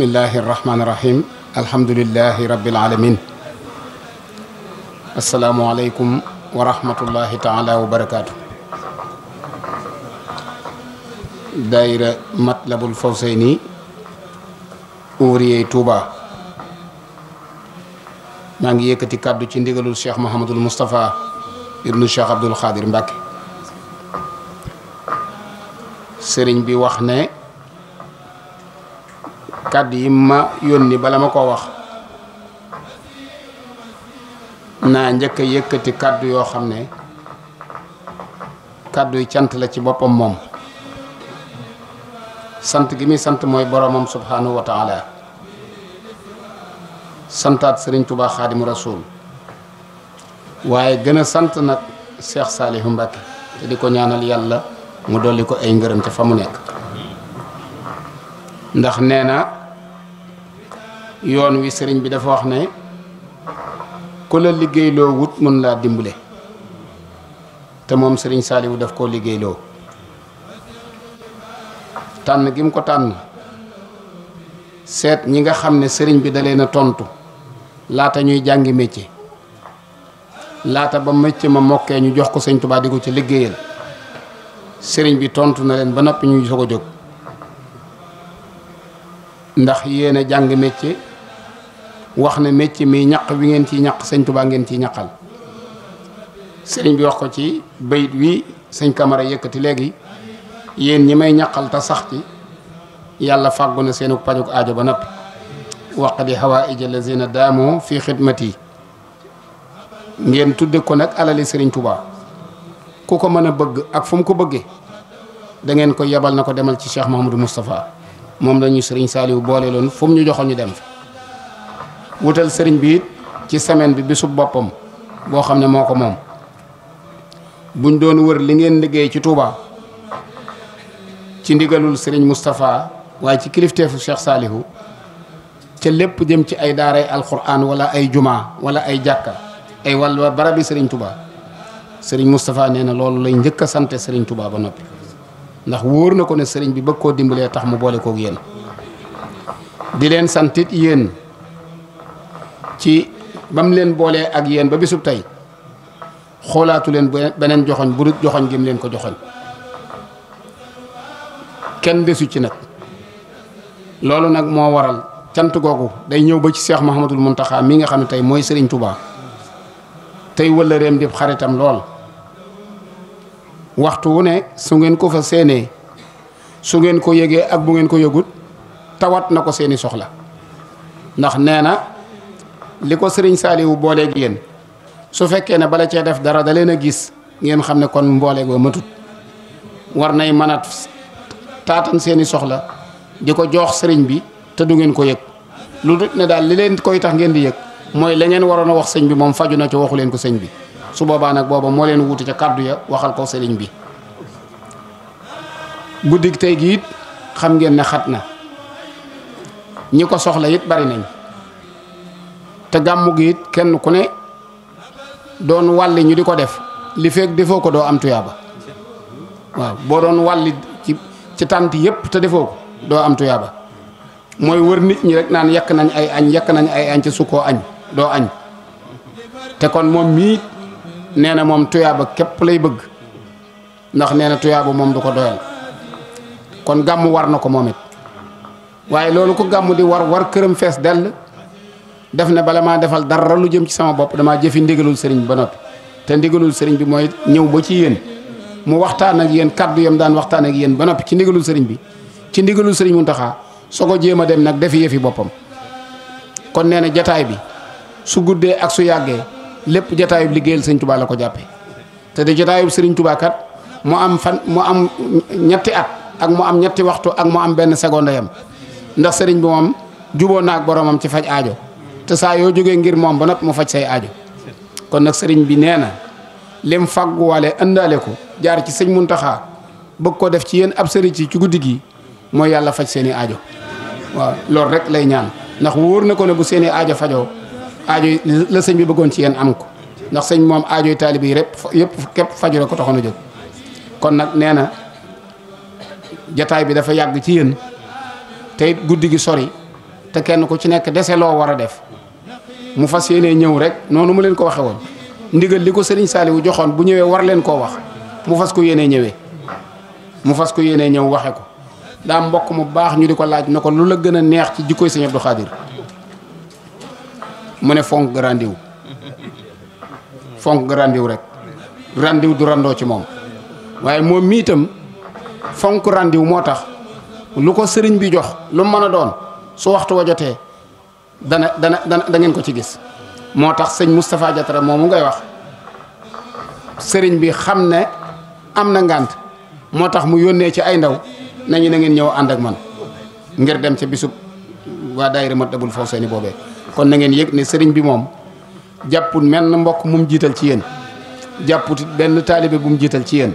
bismillahi irrahmani irrahim alhamdulilahi rabbil alamin asalaamualeykum wa rahmatullahi taala wa barakaatu daayira matlabul fawsayni ouvrier Touba maa ngi yëkkati kàddu ci ndigalu cheikh Mouhamadul Moustapha ibnu cheikh Abdoul Khadir Mbacke bi wax ne kàddu yi ma yónni bala ma koo wax naa njëkk a yëkkati kàddu yoo xam ne kàddu yi cant la ci boppam moom sant gi muy sant mooy boromam subhanahu wa taala santaat sëriñ Tuubaa xaadimu rasuul waaye gën a sant nag Cheikh Saalihu Mbàkke te di ko ñaanal yàlla mu dolli ko ay ngërëm te fa mu nekk ndax nee yoon wi sëriñ bi dafa wax ne ku la liggéeyloo wut mën laa dimbale te moom sëriñ Saaliwu daf koo liggéeyloo tànn gi mu ko tànn seet ñi nga xam ne sëriñ bi da na tontu laata ñuy jàngi métier laata ba métier ma mokkee ñu jox ko sëñ Tuubaa di ko ci liggéeyal sëriñ bi tontu na leen ba noppi ñuy soog a jóg ndax yéen a jàng métier. wax ne mécc mi ñaq wi ngeen ciy ñaq sëñ Tuubaa ngeen ciy ñaqal sëriñ bi wax ko ci bayit wi sëñ Kamara yëkkati léegi yéen ñi may ñaqal te sax ci yàlla fàggu na seenu pajug aajo ba noppi waqdi hawaïja lazina daamoo fi xidmati ngeen tudde ko nag alali sëriñ Tuubaa ku ko mën a bëgg ak fu mu ko bëggee da ngeen ko yebal na ko demal ci Cheikh Mahamadou Moustapha moom la ñu sëriñ Saliou boole loon fu mu ñu joxoon ñu dem wutal sëriñ bi it ci semaine bi bisu boppam boo xam ne moo ko moom buñ doon wër li ngeen liggéey ci Touba ci ndigalul sëriñ Moustapha waaye ci fu Cheikh Saalihu ca lépp jëm ci ay daaray alquran wala ay juma wala ay jàkka ay wàllu barabi sëriñ Touba sëriñ mustafaa nee na loolu lay njëkk a sante sëriñ Touba ba noppi ndax wóor na ko ne sëriñ bi bëgg koo dimbalee tax mu boole koog yéen di leen santit yéen ci ba mu leen boolee ak yéen ba bisub tey xoolaatu leen beneen joxoñ bu dul joxoñ gi mu leen ko joxoñ kenn desu ci nag loolu nag moo waral cant googu day ñëw ba ci seex Muhammadul Muntaxa mi nga xam ne tey mooy Serigne Touba tey wëllëreem di xaritam lool waxtu wu ne su ngeen ko fa séenee su ngeen ko yégee ak bu ngeen ko yëgut tawat na ko seeni soxla ndax nee na li ko sëriñ Saaliwu booleeg yéen su fekkee ne bala cee def dara da leen a gis ngeen xam ne kon mboole goo matut war nay mën a taatan seeni soxla di ko joox sëriñ bi te du ngeen ko yëg lu dut ne daal li leen koy tax ngeen di yëg mooy la ngeen waroon a wax sëñ bi moom faju na ca waxu leen ko sëñ bi su boobaa nag booba moo leen wuti ca kàddu ya waxal ko sëriñ bi guddig tey gi it xam ngeen ne xat na ñi ko soxla it bari nañ te gàmmu gi it kenn ku ne doon wàlli ñu di ko def li feeg defoo ko doo am tuyaaba waaw boo doon walli ci ci tànt yépp te defoo ko doo am tuyaaba mooy wër nit ñi rek naan yekk nañ ay añ yekk nañ ay añ ci sukkoo añ doo añ te kon moom mii nee na moom tuyaaba képp lay bëgg ndax nee na tuyaaba moom du ko doyal kon gàmmu war na ko moom it waaye loolu ko gàmmu di war war këram fees dell def ne bala maa defal dara lu jëm ci sama bopp damaa jëfi ndigalul sëriñ ba noppi te ndigalul sëriñ bi mooy ñëw ba ci yéen mu waxtaan ak yéen kaddu yam daan waxtaan ak yéen ba noppi ci ndigalul sëriñ bi ci ndigalul sëriñ Muntaxa soo ko jéem a dem nag defi yëfi boppam kon nee na jataay bi su guddee ak su yàggee lépp jataayub liggéeyal sëriñ Tuubaa ko jàppee te de jataayub sëriñ Tuubaa mu am fan mu am ñetti at ak mu am ñetti waxtu ak mu am benn seconde yam ndax sëriñ bi moom juboo naag boromam ci faj aajo te saa yoo jógee ngir moom ba noppi mu faj say aajo kon nag sëriñ bi nee na lim fàgguwaale ëndaale ko jaar ci sëñ Muntaxa bëgg ko def ci yéen ab sëriñ ci ci guddi gi mooy yàlla faj seeni ajo waaw loolu rek lay ñaan ndax wóor na ko ne bu seen i aajo fajoo aajo la sëñ bi bëggoon ci yenn am ko ndax sëñ moom aajoy taalib yi rek yëpp képp faju la ko taxoon a jóg kon nag nee na jataay bi dafa yàgg ci yéen te guddi gi sori te kenn ku ci nekk dese loo war a def mu fas yéenee ñëw rek noonu mu leen ko waxe woon ndigal li ko sëriñ Saaliwu joxoon bu ñëwee war leen koo wax mu fas ko yéenee ñëwee mu fas ko yéenee ñëw waxe ko daa mbokk mu baax ñu di ko laaj na ko lu la gën a neex ci jikkoy sëñ Abdou Khadir mu ne fonk grandiw fonk grandiw rek randiw du randoo ci moom waaye moom mii itam fonk randiw moo tax lu ko sëriñ bi jox lu mën a doon su waxtu wa jotee dana dana dana da ngeen ko ci gis moo tax sëñ Moustapha Diatara moomu ngay wax sëriñ bi xam ne am na ngànt moo tax mu yónnee ci ay ndaw nañu na ngeen ñëw ànd ak man ngir dem ci bisub waa daayira Matlaboul Fawzayni boobee kon na ngeen yëg ne sëriñ bi moom jàpput menn mbokk mu jiital ci yéen jàpput benn taalibe bu mu jiital ci yéen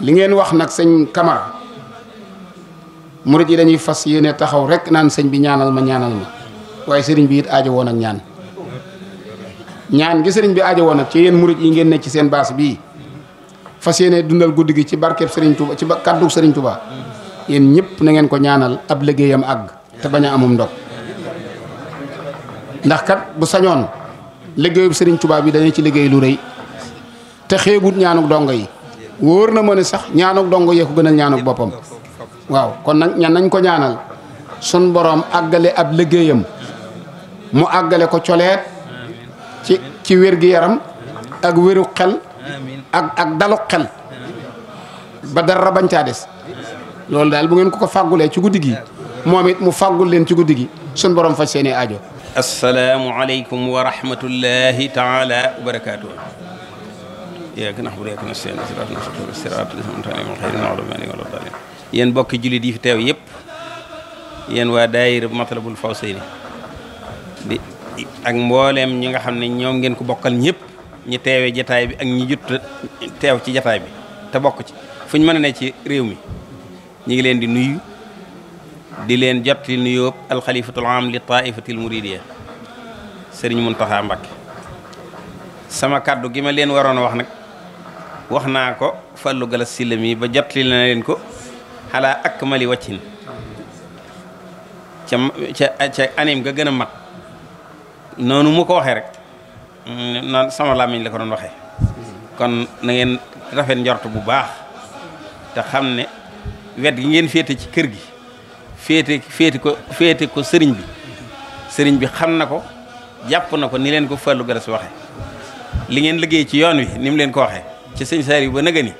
li ngeen wax nag sëñ kamar murid yi dañuy fas yéene taxaw rek naan sëñ bi ñaanal ma ñaanal ma waaye sëriñ bi it aajo woon ak ñaan ñaan gi sëriñ bi aajo woon ak ci yéen murit yi ngeen nekk ci seen baas bii fas yéene dundal guddi gi ci barkeb sëriñ Touba ci kàddu sëriñ Touba yéen ñëpp na ko ñaanal ab liggéeyam àgg te bañ a amum ndog ndax kat bu sañoon liggéeyub sëriñ Touba bi dañu ci liggéey lu rëy te xeebut ñaanuk dongo yi wóor na ma ne sax ñaanuk dongo yee ko gënal ñaanuk boppam waaw kon nag ñan nañ ko ñaanal sun boroom àggale ab liggéeyam mu àggale ko coleet ci ci wér-gi-yaram ak wéru xel ak ak dalu xel ba dara bañ caa des loolu daal bu ngeen ko ko fàggulee ci guddi gi moom it mu fàggul leen ci guddi gi suñ borom fa seeni aajo asalaamu aleykum wa rahmatullahi taala wa barakaatuh yéegi nax bu reek na seen siraat na sutur siraat na samtaani ma xëy na wala ma wala dalin yéen bokki jullit yi fi teew yëpp yéen waa daayira matlabul fawsayni di ak mbooleem ñi nga xam ne ñoom ngeen ko bokkal ñëpp ñi teewee jataay bi ak ñi jut teew ci jataay bi te bokk ci fu ñu mën a ne ci réew mi ñu ngi leen di nuyu di leen jotti nuyoo alxalifatul am li taifatil muridiya sëriñ Muntaxa Mbàkke sama kàddu gi ma leen waroon a wax nag wax naa ko fàllu galas sillam yi ba jotti na leen ko xalaa ak mali waccin ca ca ca anim gën a mat noonu mu ko waxee rek noonu sama làmmiñ la ko doon waxee kon nangeen rafet njort bu baax te xam ne wet gi ngeen féete ci kër gi féete féete ko féete ko sëriñ bi sëriñ bi xam na ko jàpp na ko ni leen ko fàllu si waxee li ngeen liggéey ci yoon wi ni mu leen ko waxee ci sëñ saar yi ba nëga ni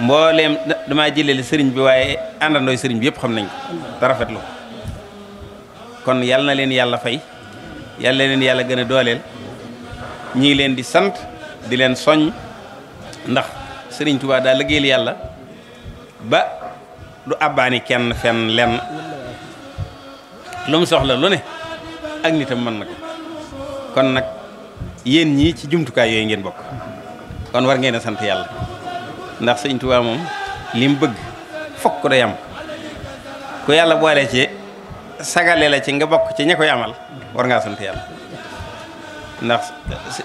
mbooleem damaa jëlee le sëriñ bi waaye àndandooy sëriñ bi yëpp xam nañ ko te rafetlu ko kon yal na leen yàlla fay yal na leen yàlla gën a dooleel ñi ngi leen di sant di leen soññ ndax sëriñ Tuubaa daa liggéeyal yàlla ba du abbaani kenn fenn lenn lu mu soxla lu ne ak nitam mën na ko kon nag yéen ñii ci jumtukaay yooyu ngeen bokk kon war ngeen a sant yàlla ndax sëriñ Tuubaa moom li mu bëgg fokk day ku yàlla boole sagale la ci nga bokk ci ña koy amal war ngaa sant yàlla ndax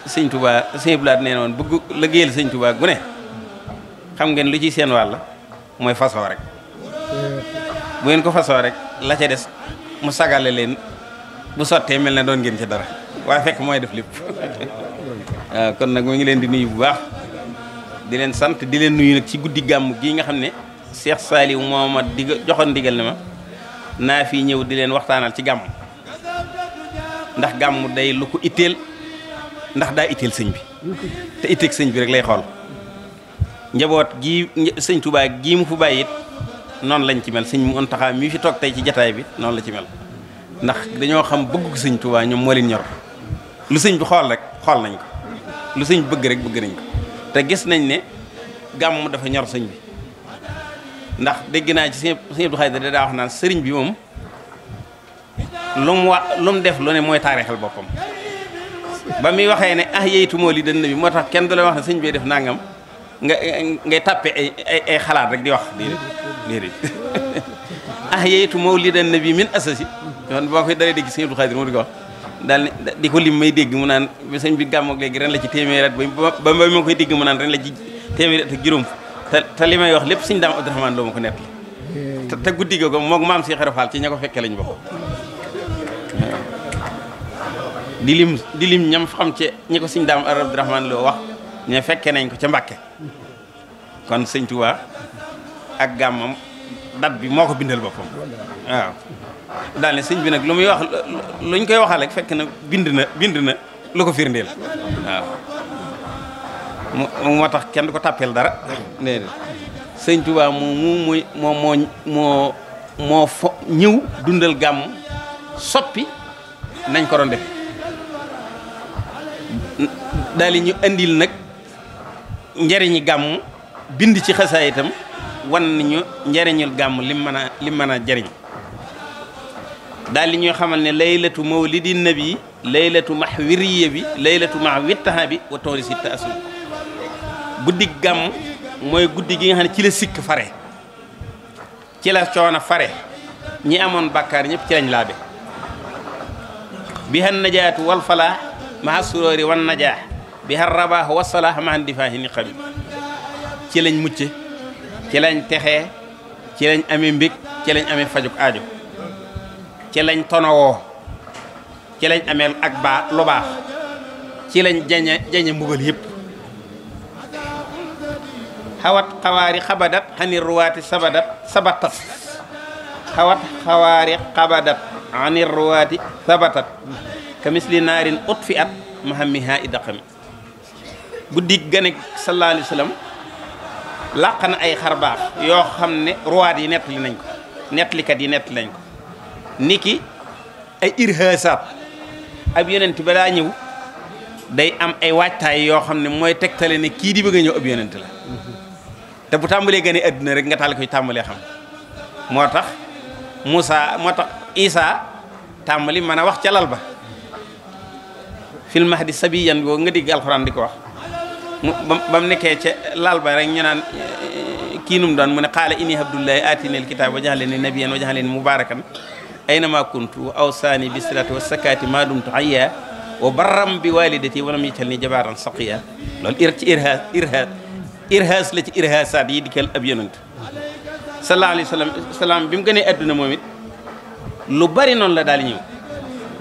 sëñ Touba sëñ Blaat nee woon bëgg liggéeyal sëñ Touba gu ne xam ngeen lu ciy seen wàll mooy façon rek bu ngeen ko façon rek la ca des mu sagale leen bu sottee mel ne doon ngeen ci dara waaye fekk mooy def lépp kon nag mu ngi leen di nuyu bu baax di leen sant di leen nuyu nag ci guddi gàmm gii nga xam ne Cheikh saaliw moo ma dig joxoon digal ne ma naa fi ñëw di leen waxtaanal ci gàmm ndax gàmm day lu ko itteel ndax daa itteel sëñ bi te itteeg sëñ bi rek lay xool njaboot gii sëñ Tuubaa gii mu fu bàyyi it noonu lañ ci mel sëñ Muntaxa mii fi toog tey ci jataay bi noonu la ci mel ndax dañoo xam bëgg sëñ Tuubaa ñoom moo ñor lu sëñ bi xool rek xool nañ ko lu sëñ bëgg rek bëgg nañ ko te gis nañ ne gàmm dafa ñor sëñ bi ndax dégg naa ci sëñ sëñ Abdou Khadir daa wax naan sëriñ bi moom lu mu wa lu def lu ne mooy taarixal boppam ba muy waxee ne ah yeytu moo li dënn bi moo tax kenn du la wax ne sëñ bi def nangam nga ngay tàppe ay ay xalaat rek di wax déedéet déedéet ah yeytu moo li dënn bi min asasi yoon boo koy dalee dégg sëñ Abdou Khadir moo di ko wax daal ne di ko lim may dégg mu naan sëñ bi gàmmoog léegi ren la ci téeméer at ba ba ma koy dégg mu naan ren la ci téeméer at juróom te te li may wax lépp sëñ daam Abdourahmane loo ma ko nett la te guddi googu moog maam si xerofaal ci ña ko fekkee lañ bokk di lim di lim ñam xam ci ñi ko siñ daam Abdourahmane loo wax ña fekkee nañ ko ca Mbàkke kon sëñ Tuubaa ak gàmmam dat bi moo ko bindal boppam waaw daal ne sëñ bi nag lu muy wax luñ koy waxal fekk na bind na bind na lu ko firndeel waaw moo tax kenn du ko tàppeel dara déedéet sëñ Tuubaa moom mu muy moom moo moo moo fo ñëw dundal gàmm soppi nañ ko doon def daal di ñu indil nag njariñi gàmm bind ci xasaay itam wan nañu njariñul gàmm lim mën a lim mën a jariñ daal di ñuy xamal ne laylatu mawlidi nabi laylatu max wiriye bi laylatu max wittaha bi wa toori si taasub guddi gàmm mooy guddi gi nga xam ne ci la sikk fare ci la coono fare ñi amoon bàkkaar ñëpp ci lañ laabe bi han najaatu wal falaa maha suróori wan najaa bi han rabaax wa salaax maha difaahi ni xabi ci lañ mucc ci lañ texee ci lañ ame mbég ci lañ ame fajuk aajo ci lañ tonowoo ci lañ amee ak baa ci lañ jañe jañe mbugal yëpp xawat xawaari xabadat xani ruwaati sabadat sabatat xawat xawaari xabadat xani ruwaati sabatat ka misli naarin ut fi at mahammiha i daqami guddi ganek sallallahu alayhi wa sallam làq na ay xarbaax yoo xam ne ruwaat yi nettali nañ ko nettalikat yi nettali nañ ko niki ay irhaasaat ab yonent balaa ñëw day am ay waajtaay yoo xam ne mooy tegtale ne kii di bëgga ñëw ab yonent la te bu tàmbalee gane àdduna rek nga tàll koy tàmbalee xam moo tax Moussa moo tax Isa tàmbali mën a wax ca lal ba fil mahdi sabiyan boobu nga digg alxuraan di ko wax mu ba mu nekkee ca lal ba rek ñu naan eh, kii num doon mu ne xaala inni abdullahi aatini alkitaab wa jaxalani nabiyan wa jaxalani mubarakan aynama kuntu aw saani bi salaati wa sakaati ma dumtu hayya wa barram bi walidati walam yital ni jabaaran saqiya loolu ir irhaas la ci irhaasaat yi dikkal ab yonent sallallahu alayhi wa sallam bi mu gënee adduna moom lu bari noonu la daal ñëw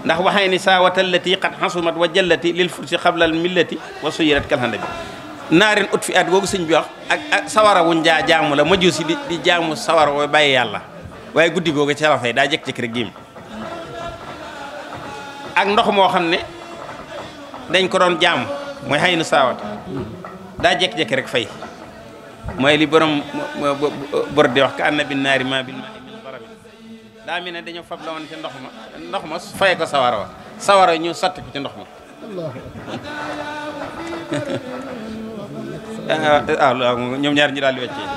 ndax waxee ni saawata allati qad xasumat wa jallati lil fursi xablal millati wa suyirat kalhanda bi naarin ut fi at googu sëñ bi wax ak sawara wuñ jaa jaamu la maju si di di jaamu sawara woo bàyyi yàlla waaye guddi googu ci la fay daa jekk ci rek giim ak ndox moo xam ne dañ ko doon jaamu mooy xëy na daa jékki-jékki rek fay mooy li borom bor di wax ka anna bin naari ma bil ma'i min barami daa mi ne dañoo fab la woon ca ndox ma ndox ma faye ko sawara wa sawara ñu sotti ko ci ndox ma waaw ah, waaw ñoom ñaar ñi daal di weccee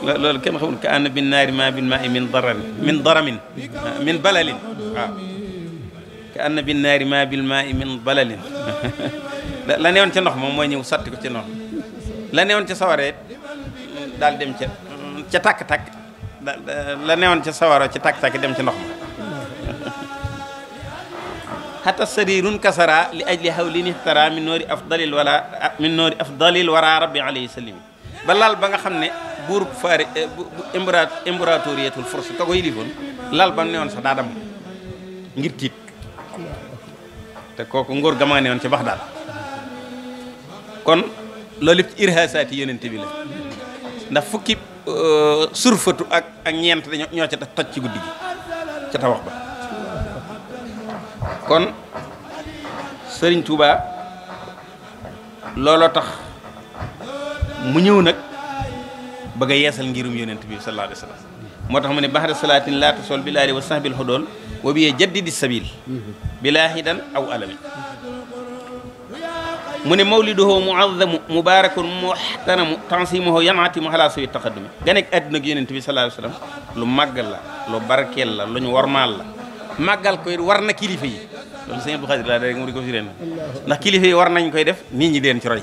loolu kenn xamul ka anna bin naari ma bil ma'i min daramin min daramin min balalin waaw ah. ka anna bin naari ma bil maa'i min balalin la newoon ca ndox moom mooy ñëw sotti ko ci noonu ca sawaree daal dem ca ca tàkk-tàkk la newoon ca sawara mm, ca mm, tàkk-tàkk dem ca ndox ma xata sarirun kasara li ajli hawlin ihtara min noori afdalil min noori afdalil wara rabbi alayhi salim ba laal ba xam ne buurub faari eh, bu imbra ka ko yilifoon laal ba mu newoon sax ngir tiit te kooku ngóor gamaa ne woon ci Baxdaad kon loolu lépp ci irhaasaati bi la ndax fukki euh, surfatu ak ak ñeent dañoo ñoo ca toj ci guddi gi ca tawax ba kon sëriñ Touba looloo tax mu ñëw nag bëgg a yeesal ngirum yonent bi sallallahu moo tax mu ne baxara salaatin laata sol bi laari wa sahbil xudoon wa biyee jaddidi sabil bilaahidan aw alamin mu ne mawliduhu muazzamu mubarakun muxtanamu tansimuhu yanaati mu xalaa sawi taqaddumi ganek àdduna ak yonent bi sallallahu alayhi wa sallam lu màgg la lu barkeel la lu ñu warmaal la màggal koy war na kilifa yi loolu sëñ Abdou Khadir laa rek mu di ko firee yi war nañ koy def nii ñi deen ci roy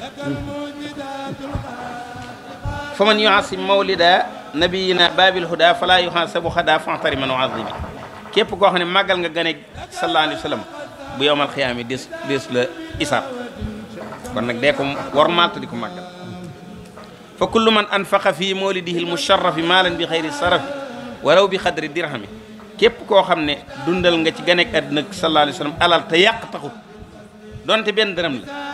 fa man mawlida nabiyina babil huda fala yuhasabu xada fantari man azimi képp koo xam ne màggal nga gane sallallahu alayhi wa sallam bu yowmal xiyaam yi des des la isaab kon nag dee ko wormaal te di ko màggal fa kullu man anfaqa fi mawlidihi lmusharrafi maalan bi xayri sarafi walaw bi xadri dirhami képp koo xam ne dundal nga ci ganek àdduna sallallahu alayhi wa sallam alal te yàq taxut donte benn dërëm la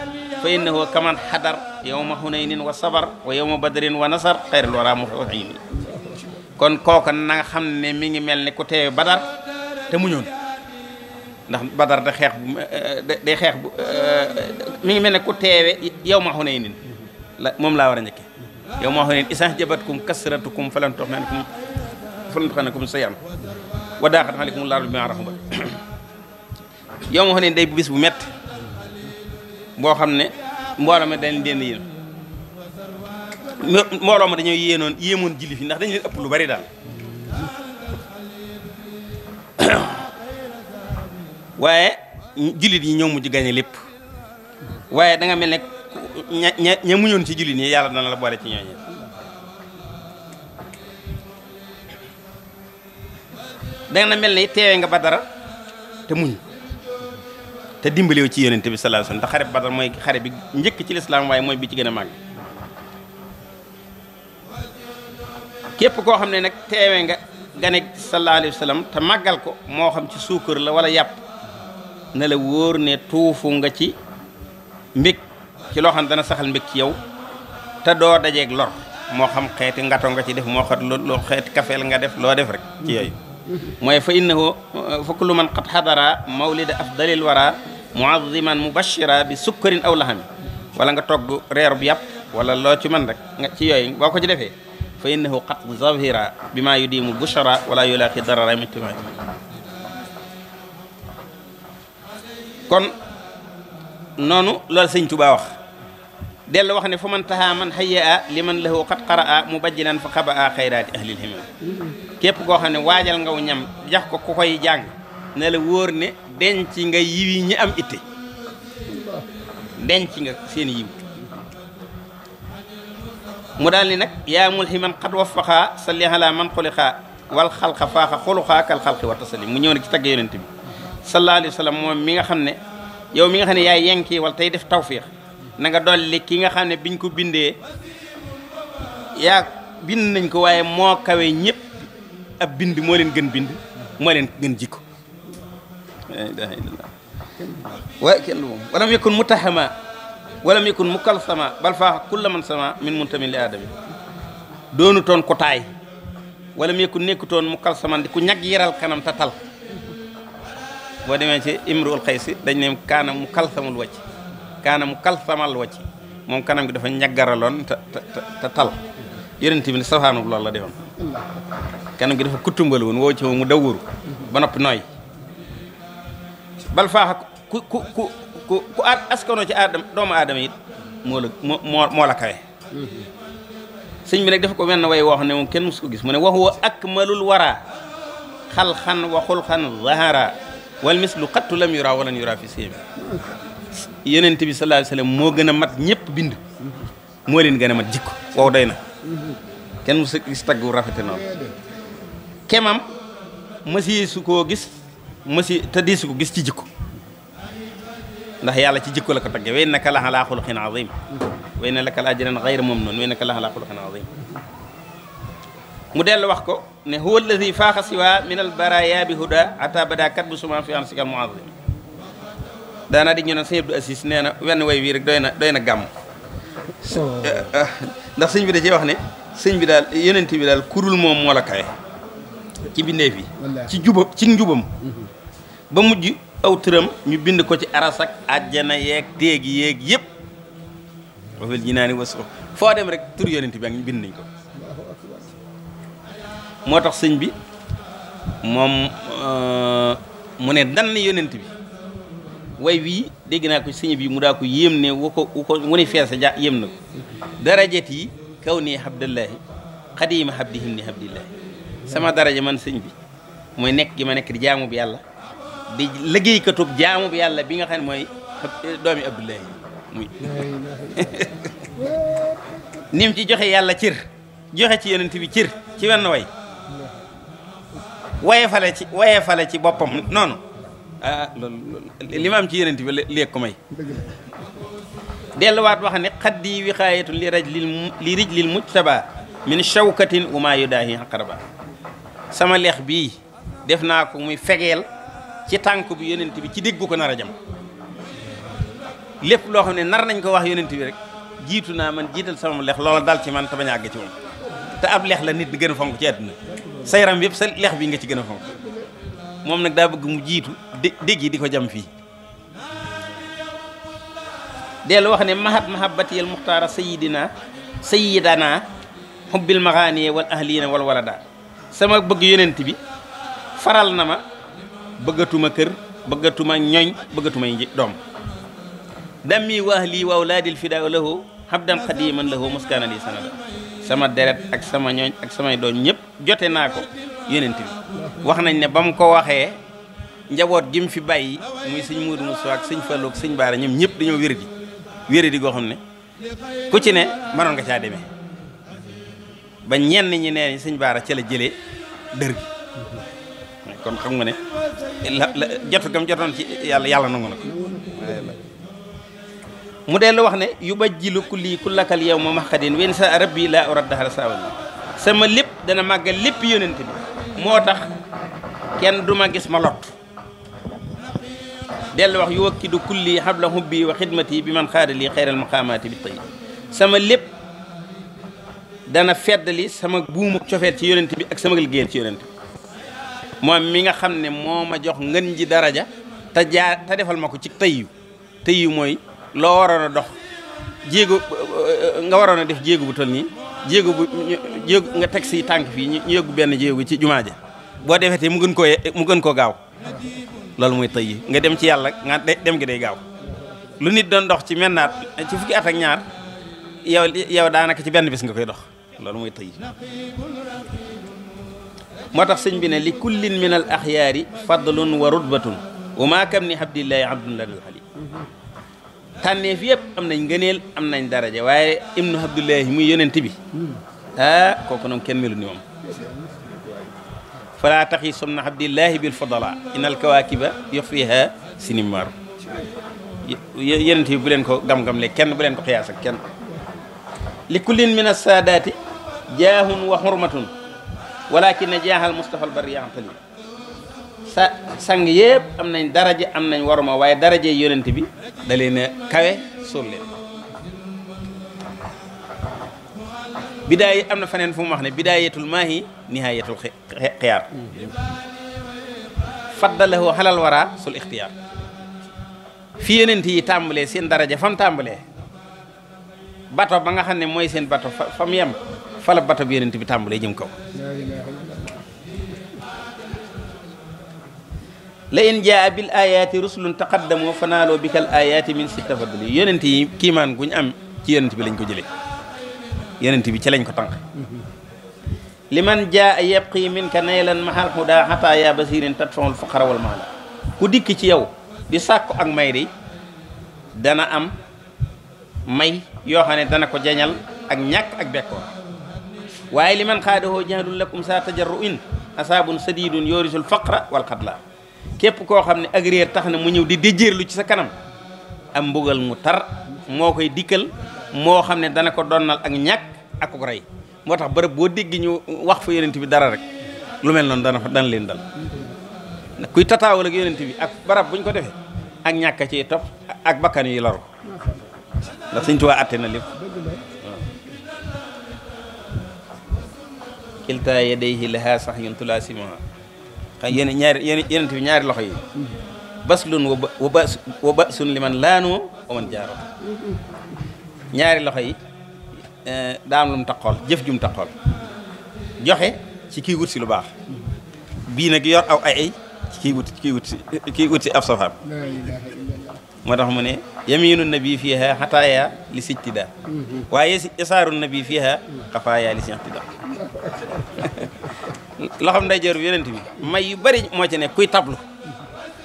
fa innahu kaman xadar yowma hunaynin wa sabar wa yowma badrin wa nasar xayril wara muhiimi kon kooka na xam ne mi ngi mel ni ku teewe badar te muñoon ndax badar da xeex bu day xeex bu mi ngi mel ne ku teewe yowma hunaynin la moom laa war a njëkke yowma hunayn isan jabatkum kasratukum falan tuxnakum falan tuxnakum sayan wa daaxat aleykum laaru bi ma raxubat yowma hunayn day bis bu metti boo xam ne mbooloo ma dañ leen yéen mbooloo ma dañoo yéenoon yéemoon jilif yi ndax dañ leen ëpp lu bari daal waaye jullit yi ñoo mujj gañe lépp waaye danga mel ne ña ña ña muñoon ci jullit ñi yàlla dana la boole ci ñooñu da nga mel ne teewee nga ba dara te muñ te dimbaliwu ci yonente bi sallallahu alayhi wasallam te xare Badar mooy xare bi njëkk ci lislaam waaye mooy bi ci gën a màgg képp koo xam ne nag teewe nga gane sallallahu alayhi wasallam te màggal ko moo xam ci suukar la wala yàpp na la wóor ne tuufu nga ci mbig ci loo xam ne dana saxal mbég ci yow te doo dajeeg lor moo xam xeeti ngato nga ci def moo xam loo xeeti kafeel nga def loo def rek ci yooyu mooy fa innahu fa kullu man qad xadara mawlida afdalil wara muaziman mubashira bi sukkarin aw lahami wala nga togg reerub yàpp wala loo ci mën rek nga ci yooyu boo ko ci defee fa innahu qad zahira bi maa yudimu bushara wala yulaaqi darara mujtimai kon noonu loolu sëñ Tuubaa dellu wax ne fa man taxaa man xayya a li man lahu qad qaraa mu bajjilan fa xaba a xayraati ahlil himam képp koo xam ne waajal nga ngaw ñam jax ko ku koy jàng ne la wóor ne denc nga yiwi ñi am itte denc nga seen yiw mu daal ni nag yaa mulhiman qad waffaqa salli ala man xuliqa wal xalqa faaxa xuluqa kal xalqi wa tasallim mu ñëw nag ci tagg yonent bi sallallahu alayhi wa moom mi nga xam ne yow mi nga xam ne yaay yenki wal tay def tawfiix na nga dolli ki nga xam ne biñ ko bindee yaa bind nañ ko waaye moo kawe ñépp ab bind moo leen gën bind moo leen gën jikko la ilaha illallah wa kenn du moom walam yakun mutahama walam yakun mukalsama bal faaxa kulla man sama min muntamin li aadami doonu toon ku taay walam yakun nekkutoon mukalsama di ku ñag yaral kanam tatal boo demee ci imruul xaysi dañ ne kaanam mu mukalsamul wàcc kaanam mu kal samal wacc moom kanam gi dafa ñaggaraloon te tal yonent bi ne safaanub la defoon kanam gi dafa kuttumbal woon woo ci mu dawuru ba noppi nooy bal faaxa ku ku ku ku ku ci aadama doomu aadama yi moo kawe sëñ bi nag dafa ko wenn way woo xam ne moom kenn mus gis mu ne waxuwa akmalul wara xalxan wa xulxan zahara wal mislu xattu lam yura walan yura fi séemi yonent bi sallallahu alayhi wasallam moo gën a mat ñëpp bind moo leen gën a mat jikko wow doy na kenn mu sa gis rafet rafete noonu kemam masi su koo gis masi te di su ko gis ci jikko ndax yàlla ci jikko la ko tagge way naka la ala xuluqin azim way na laka la ajran ghayra mamnun way naka la ala xuluqin azim mu dellu wax ko ne huwa alladi faaxa siwa min albaraya bi huda ata bada kat bu suma fi ansikal muazim daanaa di ñu ne sëñ Abdou Assis nee na wenn way wii rek doy na doy na gàmm ndax sëñ bi da cee wax ne sëñ bi daal yonent bi daal kurul moom moo la kawe ci bindeef yi ci ci njubam ba mujj aw tëram ñu bind ko ci arasak àjjana yeeg téeg yéeg yëpp wafel naa ni wasu ko foo dem rek tur yonent bi ak ñu bind nañ ko moo tax sëñ bi moom euh, mu ne dann yonent bi way wii dégg naa ko sëñ bi mu daako ko yéem ne wu ko wu ko mu feesa ja yéem na ko darajat yi kaw nii habdallaahi xadiima habdihim ni habdillaahi sama daraja man sëñ bi mooy nekk gi ma nekk di jaamu bi yàlla di liggéeykatub jaamu bi yàlla bi nga xam ne mooy eh, doomi abdullaahi muy ni ci joxe yàlla cir joxe ci yonent bi cir ci wenn way waye fale ci waye fale ci boppam noonu ah loolu li ma am ci yeneen bi léeg ko may. delluwaat wax ne xaddi wiqaayatu li rajlil li rijlil mujtaba min shawkatin wa maa yudaahi xaqaraba sama leex bi def naa ko muy fegeel ci tànk bi yonent bi ci déggu ko nar a jam lépp loo xam ne nar nañ ko wax yonent bi rek jiitu naa man jiital sama leex loola dal ci man te bañ a ci moom te ab leex la nit di gën a fonk ci àdduna sayram yëpp sa leex bi nga ci gën a fonk moom nag daa bëgg mu jiitu dég yi di ko jam fii dellu wax ne mahab mahabatiyal muxtaara sayidina sayidana xubbil maxaaniye wal ahliina wal walada sama bëgg yonent bi faral na ma bëggatuma kër bëggatuma ñooñ bëggatuma doom dammi wa ahli waw laa fidaa lahu habdan xadiman lahu muskaana li sanada sama deret ak sama ñooñ ak samay doom ñëpp jote naa ko yonent bi wax nañ ne ba mu ko waxee njaboot gi mu fi bàyyi muy sëñ Modou Moussa ak sëñ Fallou ak sëñ Baara ñoom ñëpp dañoo wéradi wéradi goo xam ne ku ci ne mënoon nga caa deme ba ñenn ñi nee sëñ Baara ca la jëlee dër gi kon xam nga ne la jot gam jotoon ci yàlla yàlla nangu na ko mu wax ne yu ba jilu ku lii ku lakkal yow ma maxadin wen sa rabbi laa urat daxara saawal sama lépp dana màggal lépp yónent bi moo tax kenn du ma gis ma lot dellu wax yu wakkidu kulli xabla hubbi wa xidmati bi man xaada lii xayral maqaamaati bi tey sama lépp dana feddali sama buumu cofeet ci yonent bi ak sama liggéeyal ci yonent bi moom mi nga xam ne moo ma jox ngën ji daraja te jaar te defal ma ko ci tëyyu tëyyu mooy loo waroon a dox jéego nga waroon a def jéego bu toll nii jéego bu nga teg si tànk fii ñu benn jéego ci jumaa ja boo defee te mu gën ko mu gën koo gaaw loolu mooy tey nga dem ci yàlla nga dem gi day gaaw lu nit doon dox ci mennaat ci fukki at ak ñaar yow yow daanaka ci benn bis nga koy dox loolu mooy tey moo tax sëñ bi ne li kullin min al axyaari fadlun wa rutbatun wa maa kam ni abdillahi yëpp am nañ ngëneel am nañ daraja waaye ibnu abdullahi muy yonent bi ah kooku noom kenn melu ni moom falaa tax yi somna abdillahi bil fadala inal kawaakiba yox fiha sinimar yenent yi bu leen ko gam-gam le kenn bu leen ko xiyaas ak kenn li kullin min assaadaati jaahun wa xurmatun walakin jaaxal mustapha albari antali sa sang yëpp am nañ daraja am nañ warma waaye daraje yonent bi da leen a kawe suul bidaay am na feneen fu mu ne bidaayeetul maahi nihaayatul xiyaar faddalahu xalal wara sul ixtiyaar fi yonent yi tàmbalee seen daraja fa mu bato ba nga xam ne mooy seen bato fa mu yem bato bi yonent bi tàmbalee jëm kaw la in jaa bil ayaati rusulun taqaddamu fanaaloo bikal ayaati min si tafaduli yonent yi kiimaan guñ am ci yonent bi lañ ko jëlee yonent bi ci lañ ko tànk li man jaa yebqi min ka naylan mahal huda xata ya basirin tatfawul faqara wal maala ku dikk ci yow di sàkku ak may di dana am may yoo xam ne dana ko jañal ak ñàkk ak bekkoor waaye li man xaadahoo jahlun lakum sa tajarru in asaabun sadidun yoorisul faqra wal xadla képp koo xam ne ak tax na mu ñëw di déjéerlu ci sa kanam am mbugal mu tar moo koy dikkal moo xam ne dana ko donnal ak ñàkk ak ko rey moo tax bërëb boo dégg ñu wax fa yonent bi dara rek lu mel noonu dana fa dana leen dal kuy tataawal ak yonent bi ak barab buñ ko defee ak ñàkk a ciy topp ak bakkan yi laru ndax Sëñ Tuubaa atte na lépp kilta yadayhi laha sax ñun tulaa simaa ñaari loxo yi baslun wa ba wa ba sun liman laanu wa man jaaro ñaari loxo yi eh, daam lu mu jëf jum taxool joxe ci kii wut si lu baax bii nag yor aw ay ay ci kii wut kii wut kii wut si ab safaam moo tax mu ne yamiinu nabi fiiha xataaya li sijtida waaye si isaaru nabi fiiha xafaaya li sijtida loxoom nday jor yonent bi may yu bari moo ci ne kuy tablu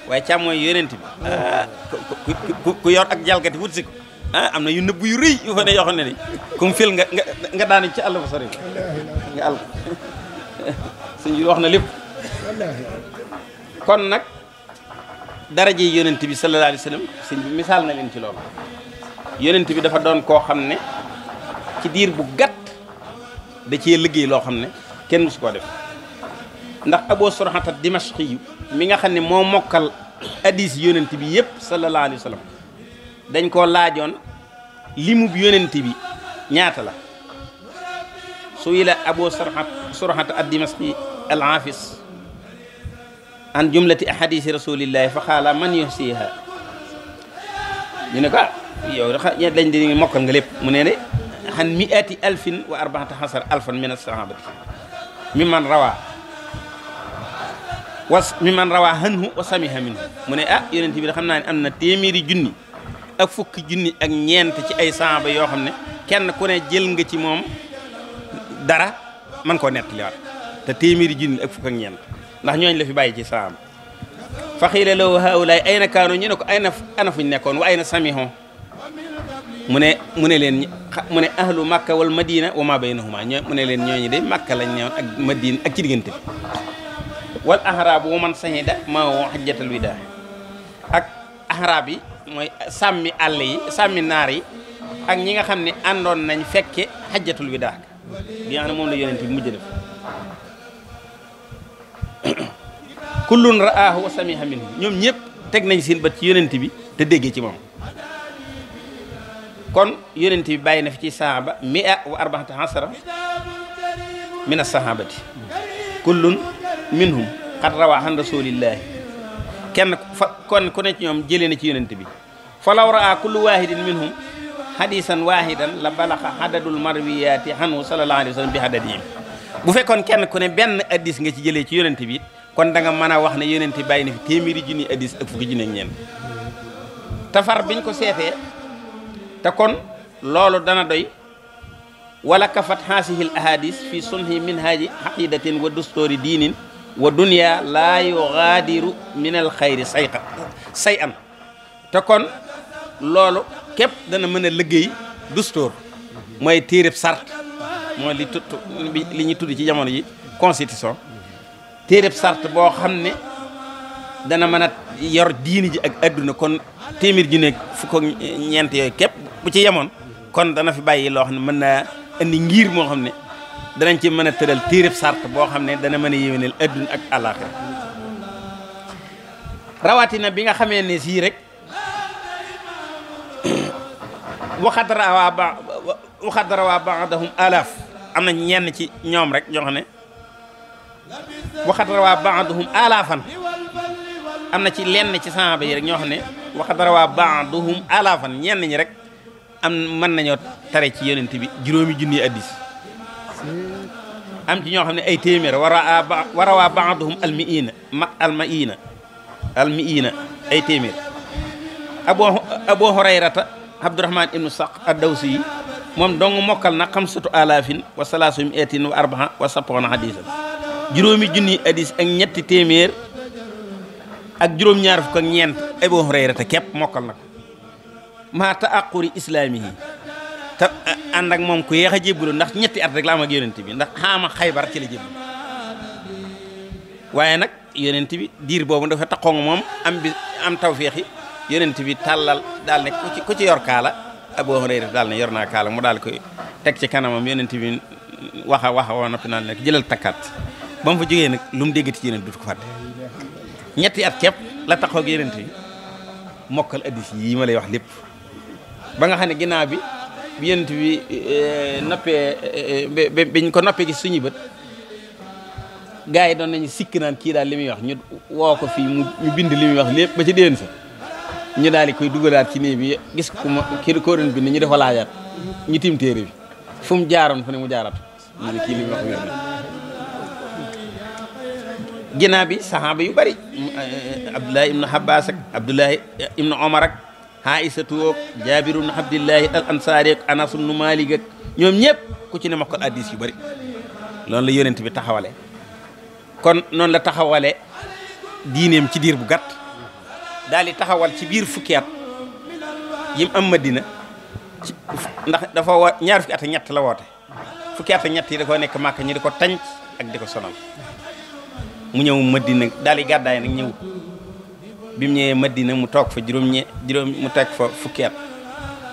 waaye càmmooy yonent bi ah, ku yor ak jalgati wut si ah am na yu nëbb yu rëy yu fa ne yoo xam ne ni ci àll ba na lépp kon nag daraje yonent bi sallallahu alayhi wa misaal na leen ci loolu yonent bi dafa doon koo xam ne ci diir bu gàtt da cee liggéey loo xam ne kenn musu koo def ndax Abu Surhata Dimashqi yu mi nga xam ne moo mokkal hadis yonent bi yëpp sallallahu alayhi dañ koo laajoon limub yonent bi ñaata la su ila abu surhat surhat ad-dimashqi al-hafiz an jumlati ahadisi rasulillahi fa xaala man yuhsiha ñu ne ko yow dañ lañ di mokkal nga lépp mu ne ne xan miati alfin wa arbaata xasar alfan min as mi man rawa mi man rawa hanhu wa samiha minhu mu ne a ah, yonent bi da xam naa ne am na téeméeri junni ak fukki junni ak ñeent ci ay saaba yoo xam ne kenn ku ne jël nga ci moom dara man koo nettaliwaat te téeméeri junni ak fukk ak ñeent ndax ñooñ la fi bàyyi ci saaba fa xiila law haawulaay ay na kaano ñu ne ko ay na fu fuñ nekkoon wa ay na samihon mu ne mu ne leen mu ne ahlu makka wal madina wa ma baynahuma ñoo mu ne leen ñooñu de makka lañ newoon ak madina ak ci diggante bi wal ahrab wa man sahida ma wax xajjatal wida ak ahrab yi mooy sàmmi àll yi sàmmi naar yi ak ñi nga xam ni àndoon nañ fekke xajjatul widaa bi nga xam moom la yonent bi mujj def ra'aahu samiha minhu ñoom ñëpp teg nañ seen bët ci yonent bi te déggee ci moom kon yonent bi bàyyi na fi ci saxaaba mia wa arbaata asara min as saxaabati kullun minhum qad rawa an rasulillahi kenn fa kon ku ne ci ñoom jëlee na ci yonent bi fa law raa kullu wahidin minhum hadisan wahidan la balaxa hadadul marwiyaati hanu sallallahu alayhi wa sallam bi hadadihim bu fekkoon kenn ku ne benn addis nga ci jëlee ci yonent bi kon da nga mën a wax ne yonent bi bàyyi na fi téeméeri junni addis ak fukki junni ak ñeent tafar biñ ko seetee te kon loolu dana doy wala kafat haasihil ahadis fi sunhi minhaaji haqidatin wa dustori diinin wa dunya laa yugaadiru min al xayri sayqa say an te kon loolu képp dana mën a liggéey dustóor mooy téereb sart mooy li tudd tudd ci jamono ji constitution téereb sart boo xam ne dana mën a yor diini ji ak adduna kon téeméer ju nekk fukk ñeent yooyu képp bu ci yemoon kon dana fi bàyyi loo xam ne mën naa indi ngir moo xam ne danañ ci mën a tëral tiirib sart boo xam ne dana mën a yéwénal adduna ak àllaaxira rawatina bi nga xamee ne sii rek waxat rawaa ba waxat rawaa alaaf am na ñenn ci ñoom rek ñoo xam ne waxat rawaa baadahum alaafan am na ci lenn ci saaba yi rek ne waxat rawaa alaafan ñenn ñi rek am mën nañoo tare ci yonent bi juróomi junni addis am ci ñoo xam ne ay téeméer wara wara waa baaduhum almi iina ma alma iina ay téeméer abu abu hurayrata abdurahman ibnu saq addawsi moom dong mokkal na xamsatu alaafin wa salaasum eetin wa arbaha wa sapoona hadisan juróomi junni hadis ak ñetti téeméer ak juróom-ñaar fukk ñeent abu hurayrata képp mokkal na ko maa taaquri islaamihi te eh, ànd ak moom ku yeex a jébbalu ndax ñetti at rek la am bi ndax xaama xaybar ci la jébbalu waaye nag yonent bi diir boobu dafa taxoo moom am bi am tawféex yi yonent bi tàllal daal ne ku ci ku yor kaala Abu Hurayra daal ne yor naa kaala mu daal koy teg ci kanamam yonent waxa waxa woo noppi naan nekk jëlal takkaat ba mu fa jógee nag lu mu déggati ci yonent dut ko fàtte ñetti at képp la taxoo ak yonent bi mokkal addis yii ma lay wax lépp ba nga bi yonent bi eh, nappee eh, eh, biñ ko nappee ci suñu bët gars yi doon nañu sikk kii daal li muy wax ñu woo ko fii mu bind li muy wax lépp ba ci déen sa ñu daal di koy dugalaat ci néeg bi gis ko ma kii ko doon bind ñu dafa laajaat ñu tim téere bi fu mu jaaroon fu ne mu jaaraat mu ne kii li muy wax wér bi saxaaba yu bari Abdullahi ibnu Habbaas Abdullahi ibnu Omar Aysatu woog Jaabiru bnu Abdillahi al Ansaari ak Anas bnu Maalik ak ñoom ñëpp ku ci ne mokkal hadiis yu bëri loolu la yonent bi taxawale kon noonu la taxawale diineem ci diir bu gàtt daal di taxawal ci biir fukki at yim am Madina ci ndax dafa wa ñaar fukki at ak la woote fukki at ak ñett da ko nekk Màkka ñi di ko tànc ak di ko sonal mu ñëw Madina daal di gàddaay nag bi mu ñëwee Madina mu toog fa juróom ñe juróom mu teg fa fukki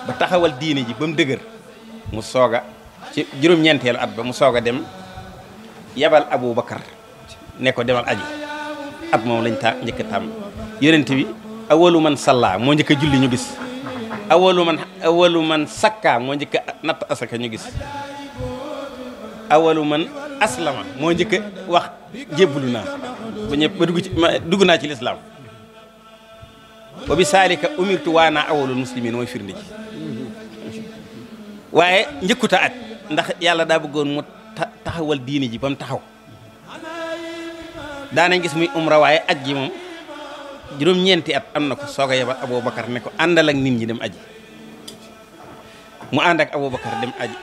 ba taxawal diine ji ba mu dëgër mu soog a ci juróom-ñeenteelu at ba mu soog a dem yabal Aboubacar ne ko demal aji at moom lañ ta njëkk a tàmm bi awalu man salla moo njëkk a julli ñu gis awalu man awalu man sakka moo njëkk natt asaka ñu gis awalu man aslama moo njëkk a wax jébbalu naa dugg dugg naa ci lislaam wa bi saalika umirtu waana awalul muslimin mooy firnde ji waaye njëkkuta at ndax yàlla daa bëggoon mu taxawal diini ji ba mu taxaw daanañ gis muy umra waaye aj moom juróom-ñeenti at am na ko soog a yebal Aboubacar ne ko àndal ak nit ñi dem aji mu ànd ak Aboubacar dem aji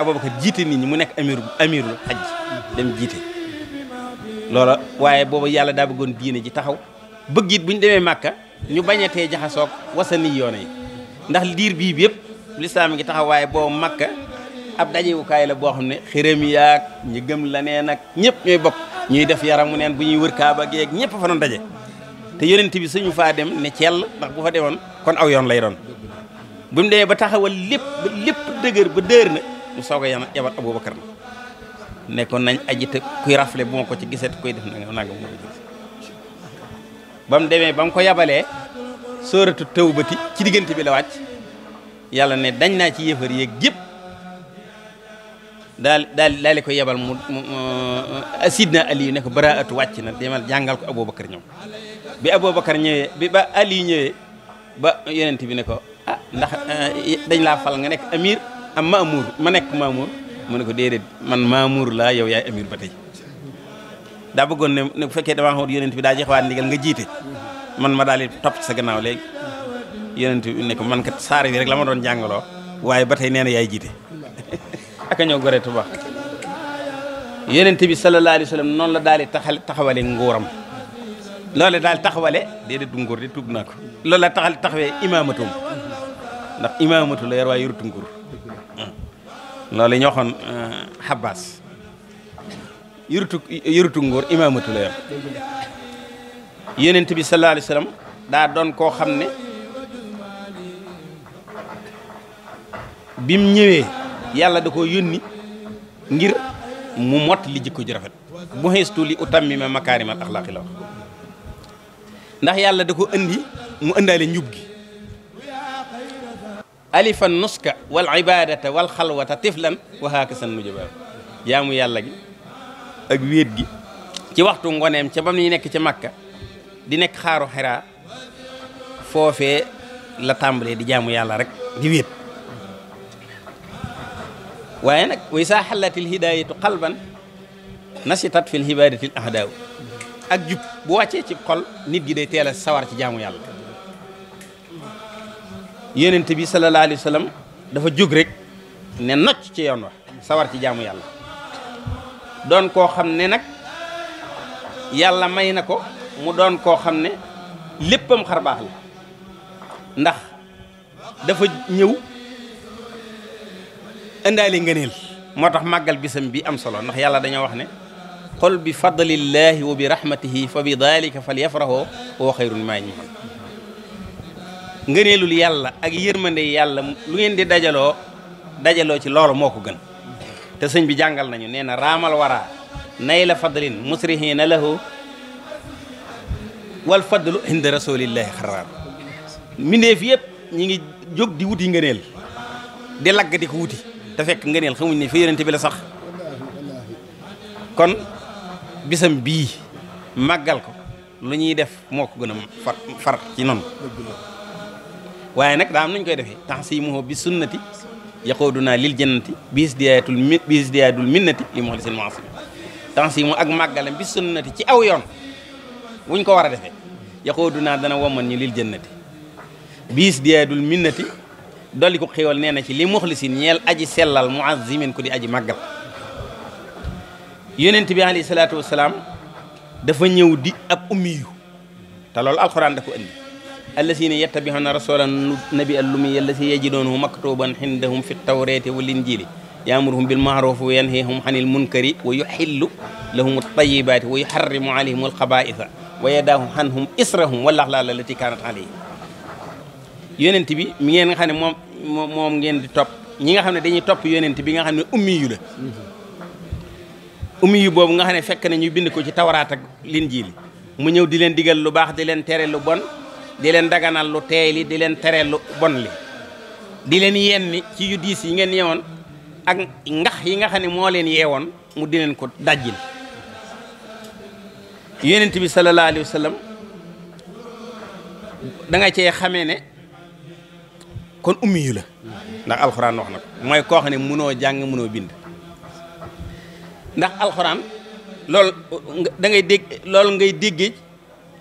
Aboubacar jiite nit ñi mu nekk amiru amiru aji dem jiite loola waaye booba yàlla daa bëggoon diine ji taxaw bëgg it demee Màkka ñu bañatee jaxasoog wasani yoon yi ndax liir bii bi yëpp lislaam ngi taxaw boo makka ab dajewukaay la boo xam ne xërëm yaag ñu gëm la nee nag ñëpp ñooy bokk ñuy def yaram mu neen bu ñuy wër kaaba geeg ñëpp fa doon daje te yonent bi suñu faa dem ne cell ndax bu fa demoon kon aw yoon lay doon bu demee ba taxawal lépp lépp dëgër ba dëër na mu soog a yana yabal abubakar na nekkoon nañ aji te kuy rafle bu ma ko ci gisee koy def nanga nanga moo ko ba mu demee ba mu ko yabalee sóoratu tawbati ci diggante bi la wàcc yàlla ne dañ naa ci yëfar yéeg yëpp daal daal daal di ko yebal mu uh, sidna Aliyu ne ko atu wàcc na demal jàngal ko Aboubacar ñëw bi Aboubacar ñëwee bi ba ali ñëwee ba yonent bi ne ko ah ndax uh, dañ laa fal nga nekk amir am maamuur ma nekk maamuur mu ne ko déedéet man maamuur laa yow yaay amir ba daa bëggoon ne bu fekkee damaa xamut bi daa jox waa nga jiite man ma daal di topp ci sa gannaaw léegi yonent bi ne man kat saar bi rek la ma doon jàngaloo waaye ba tey nee yaay jiite ak a ñëw gore Tuubaa yonent bi sallallahu alayhi wa sallam noonu la daal di taxal taxawale nguuram loole daal taxawale déedéet du nguur di tuub naa ko loolu la taxal taxawee imaamatum ndax imaamatu la yor waaye yorutu nguur hmm. loolu yërutu yërutu ngóor imaamatu la yor wa sallam daa doon koo xam ne bim ñëwee yàlla da ko yónni ngir mu mot li jikko ju rafet bu xeestu li utammima makaarimal axlaaqi la ndax yàlla da ko indi mu indaale njub gi alifa nuska wal ibadata wal xalwata tiflan wa haakasan nujaba jaamu yàlla gi ak wéet gi ci waxtu ngoneem ca ba muy nekk ca Makka di nekk xaaru Xiraa foofe la tàmbalee di jaamu yàlla rek di wéet waaye nag way saa xalatil hidaayatu xalban nasitat fil hibaadatil ahdaaw ak jub boo wàccee ci xol nit gi day teel a sawar ci jaamu yàlla yonent bi sallallahu alayhi wa dafa jóg rek ne nocc ci yoon sawar ci jaamu yàlla doon koo xam ne nag yàlla may na ko mu doon koo xam ne léppam xar baax la ndax dafa ñëw indaale ngëneel moo tax màggal bisam bi am solo ndax yàlla dañoo wax ne xol bi fadlillahi wa bi rahmatihi fa bi dalika fal yafraxoo wa xayrun maa ñi ngëneelul yàlla ak yërmande yàlla lu ngeen di dajaloo dajaloo ci loolu moo ko gën te sëñ bi jàngal nañu nee na raamal wara nay la fadlin musrihina lahu wal fadlu inda rasulillahi xaraar mbindeef yëpp ñi ngi jóg di wuti ngëneel di lagg di ko wuti te fekk ngëneel xamuñ la sax kon bisam bii màggal ko lu ñuy def moo ko gën a far ci noonu waaye nag daa am nuñ koy defee tax bi sunnati yaqooduna lil jannati biis diyaatul mi biis minnati li moxli seen maasi temps yi mu ak màggalam bi sunnati ci aw yoon wuñ ko war a defee naa dana woman ñu lil jannati biis dul minnati dolli ko xéwal nee na ci li muxlisin ñeel aji sellal muazimin ko di aji màggal yonent bi alayhi salaatu wasalaam dafa ñëw di ab ummiyu te loolu alxuraan da ko indi allasina yettabihuna rasula nabi allumi allasi yajidunahu maktuban indahum fi tawrati wal injili yaamuruhum bil maarufi wa yanhihum anil munkari wa yuhillu lahum at-tayyibati wa yuharrimu alayhim al-khaba'itha wa yadahu anhum israhum wal aghlala allati kanat alayhim yonent bi mi ngeen nga xam ne moom moom ngeen di topp ñi nga xam ne dañuy topp yonent bi nga xam ne ummi yu la ummi yu boobu nga xam ne fekk na ñu bind ko ci tawraat ak linjiil mu ñëw di leen digal lu baax di leen tere lu bon di leen daganal lu teey li di leen tereel bon li di leen yenni ci yu diis yi ngeen yewoon ak ngax yi nga xam ne moo leen yeewoon mu di leen ko dajjil yonent bi sallallahu alayhi wa sallam cee xamee ne kon ummi yu la ndax alxuraan wax na ko mooy koo ne mënoo jàng mënoo bind ndax alxuraan loolu da ngay dégg loolu ngay déggee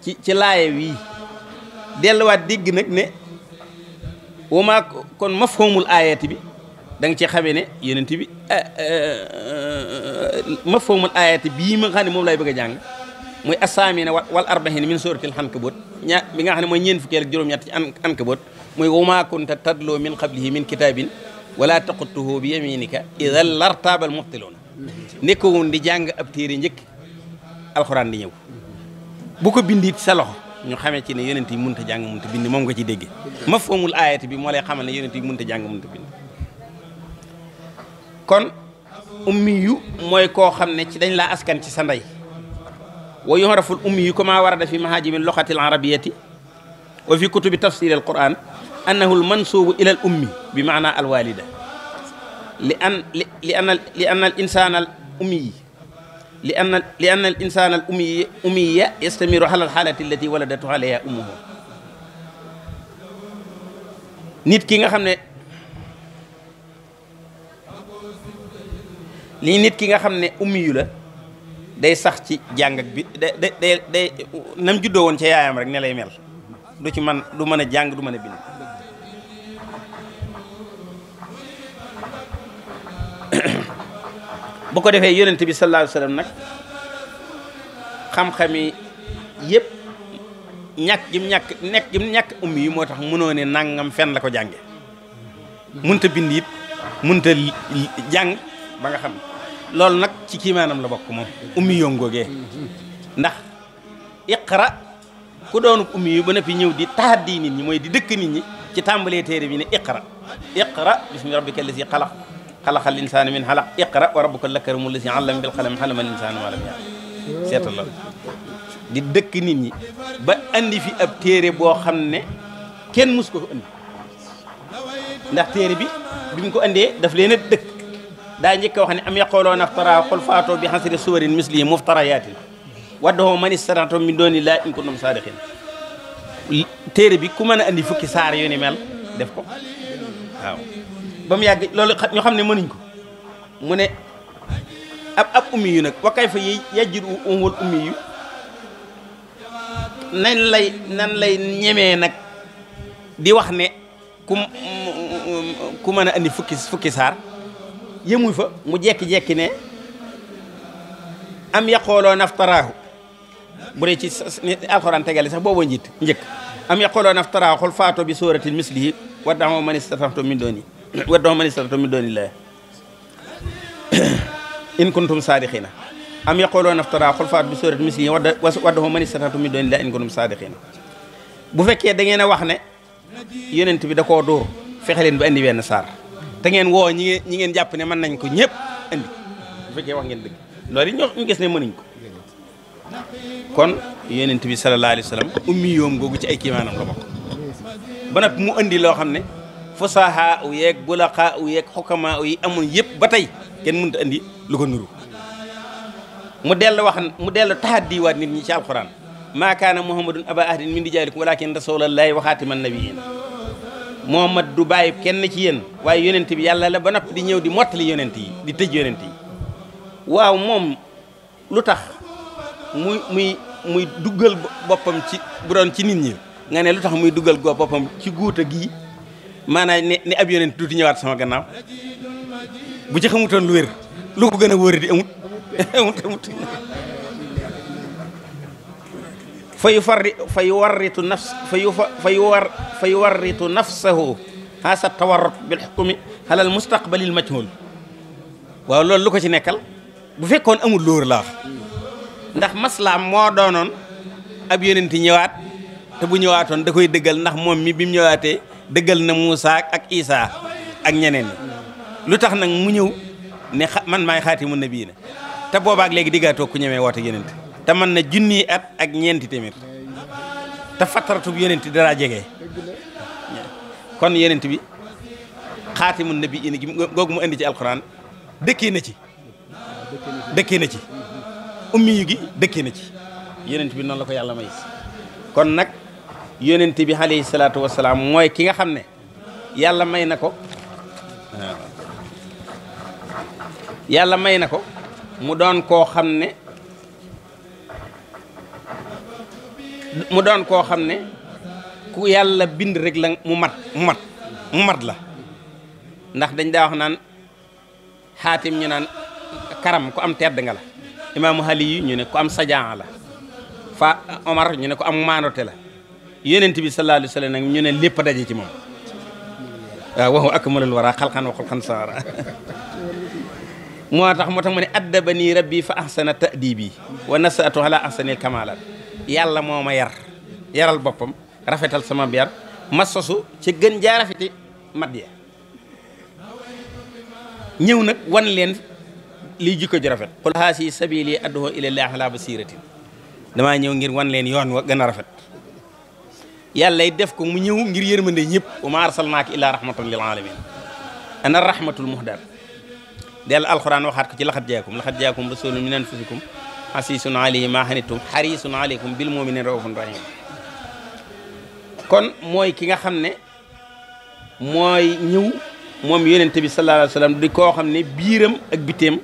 ci ci laaye wii delluwaat dégg nag ne wama kon mafhumul aayati bi da nga ci xamee ne yenent bi eh, eh, mafhumul aayati bii ma nga ne moom lay bëgg a jàng mooy asaamina wal arbaxin min suratil Ankabut ñaa bi nga xam ne mooy ñeen fukkeel ak juróom-ñett ci Ankabut muy wama kunta tadloo min qablihi min kitaabin wala taqutuhu bi yaminika idan lartaabal muxtiluuna nekkoon di jàng ab téere njëkk alxuraan di ñëw bu ko bindit sa ñu xamee ci ne yonent yi mënut a jàng mënut moom nga ci déggee ma foomul aayat bi moo lay xamal ne yonent yi mënut a jàng mënut a bind kon ummi yu mooy koo xam ne ci dañ laa askan ci sa wo wa yuhraful ummi yu kama warada fi mahajimi luxati al arabiyati wa fi kutubi tafsir al quran annahu al mansubu ummi bi maana al walida li an li an al insaan al ummi yi li anna li anna al insaan al ummiya ummiya yastamiru ala al xaalati allati waladatu alayha ummuhu nit ki nga xam ne lii nit ki nga xam ne ummiyu la day sax ci jàng bi day day day nam juddoo woon ca yaayam rek ne lay mel du ci man du mën a jàng du mën a bind bu ko defee yonent bi sallallahu alayhi wa sallam nag xam-xami yëpp ñàkk gim ñàkk nekk ñàkk ummi yi moo tax mënoo ne nangam fen la ko jànge munta bind it munta jàng ba nga xam loolu nag ci kiimaanam la bokk moom ummi yongoogee ndax iqra ku doon ummi yu ba na fi ñëw di taaddi nit ñi mooy di dëkk nit ñi ci tàmbalee téere bi ne iqra iqra bismi rabbika allazi xalaq xalaxal insaana min xalaq iqra wa rabbuka lakarimu lasi allam bil qalam allamal insaana maa lam ya'lam seetal loolu di dëkk nit ñi ba andi fi ab téere boo xam ne kenn mus ko fi andi ndax téere bi bi mu ko andee daf leen a dëkk daa njëkk a wax ne am yaqooloona aftara qul faatoo bi xasri suwarin mislihi muftarayaatin waddahu man istanaatum min dooni laa in kuntum saadiqin téere bi ku mën a andi fukki saar yu ni mel def ko waaw ba mu yàgg loolu ñoo xam ne mënuñ ko mu ne ab ab ummi yu nag wa kayfa yajru umul ummi yu nañ lay nan lay ñemee nag di wax ne ku ku mën a andi fukki fukki saar yëmu fa mu jekki-jekki ne am yaqooloo naftaraahu bu dee ci alxuraan tegale sax booba njiit njëkk am yaqooloo naftaraahu xul faato bi sóoratin mislihi wa da'u man istata'tum min dooni waddoxo man istatatum min doonillah in kuntum saadiqina am yaquluuna iftara qul fa'tu bi suuratin mislihi waddoxo man istatatum min doonillah in kuntum saadiqina bu fekkee da ngeen a wax ne yonent bi da koo dóor fexe leen ba indi benn saar te ngeen woo ñi ngeen ñi ngeen jàpp ne man nañ ko ñëpp indi bu fekkee wax ngeen dëgg loolu yi ñu gis ne mënuñ ko kon yonent bi sallallahu alayhi wa sallam ummi yoom googu ci ay kiimaanam la ba nag mu indi loo xam ne fusaha u yeeg bulaqa u yeeg xukama u yi amoon yëpp ba tey kenn mënut a andi lu ko nuru mu dellu wax mu dellu taxaddiwaat nit ñi ci alquran maa kaana muhammadun aba ahdin min rijaalikum walakin rasulallaahi wa xaatiman nabiyyin muhammad du bàyyi kenn ci yéen waaye yonent bi yàlla la ba noppi di ñëw di mottali yonent yi di tëj yonent yi waaw moom lu tax muy muy muy duggal boppam ci bu doon ci nit ñi nga ne lu tax muy duggal boppam ci guuta gii maanaam ne ne ab yonent tuuti ñëwaat sama gannaaw bu ci xamutoon lu wér lu ko gën a wóor di amut amut amut fa yu farri fa yu warritu nafs fa yu fa yu war fa yu warritu nafsahu xaasa tawarrut bil xukmi waaw loolu lu ko ci nekkal bu fekkoon amul lóor la wax ndax maslaam moo doonoon ab yonent ñëwaat te bu ñëwaatoon da koy dëggal ndax moom mi bi mu ñëwaatee dëggal na Moussa ak Isa ak ñeneen lu tax nag mu ñëw ne man maay mun xaatimu nabiina te boobaak léegi diggaatoo ku ñemee woote yenent te man na junni at ak ñeenti téeméer te fattaratu yenent dara jege kon yenent bi mun xaatimu nabiina gi googu mu indi ci alxuraan dëkkee na ci dëkkee na ci ummi yu gi dëkkee na ci yenent bi noonu la ko yàlla may kon nag yonent bi alayhi salaatu salaam mooy ki nga xam ne yàlla may na ko yàlla may na ko mu doon koo xam ne mu doon koo xam ne ku yàlla bind rek la mu mat mu mat mu mat la ndax dañ daa naan xaatim ñu naan karam ku am tedd nga la imaamu Aliyu ñu ne ku am sajaan la fa Omar ñu ne ku am maanote la yonent bi sallallahu alayhi wa sallam nag ñu ne lépp daje ci moom waaw ah, waxu akmalul wara xalxan wa xulxan saara moo tax moo tax mu ne addaba nii rabbi fa ahsana ta'dibi wa nasatu ala ahsanil kamalat yàlla moo ma yar yaral boppam rafetal sama yar ma sosu ci gën jaa rafeti mat ya ñëw nag wan leen lii jikko ji rafet qul haasi sabili adduhu ilallahi ala basiratin damaa ñëw ngir wan leen yoon wa gën a rafet yàlla def ko mu ñëw ngir yërmande ñëpp wa ma arsalnaaka illaa rahmatan lil alamin ana rahmatul muhdar del alquran waxaat ko ci laxat jaakum laxat jaakum rasulun min anfusikum hasisun alayhi ma hanitum harisun alaykum bil muminina raufun rahim kon mooy ki nga xam ne mooy ñëw moom yonent bi sallallahu alayhi koo xam ne biiram ak biteem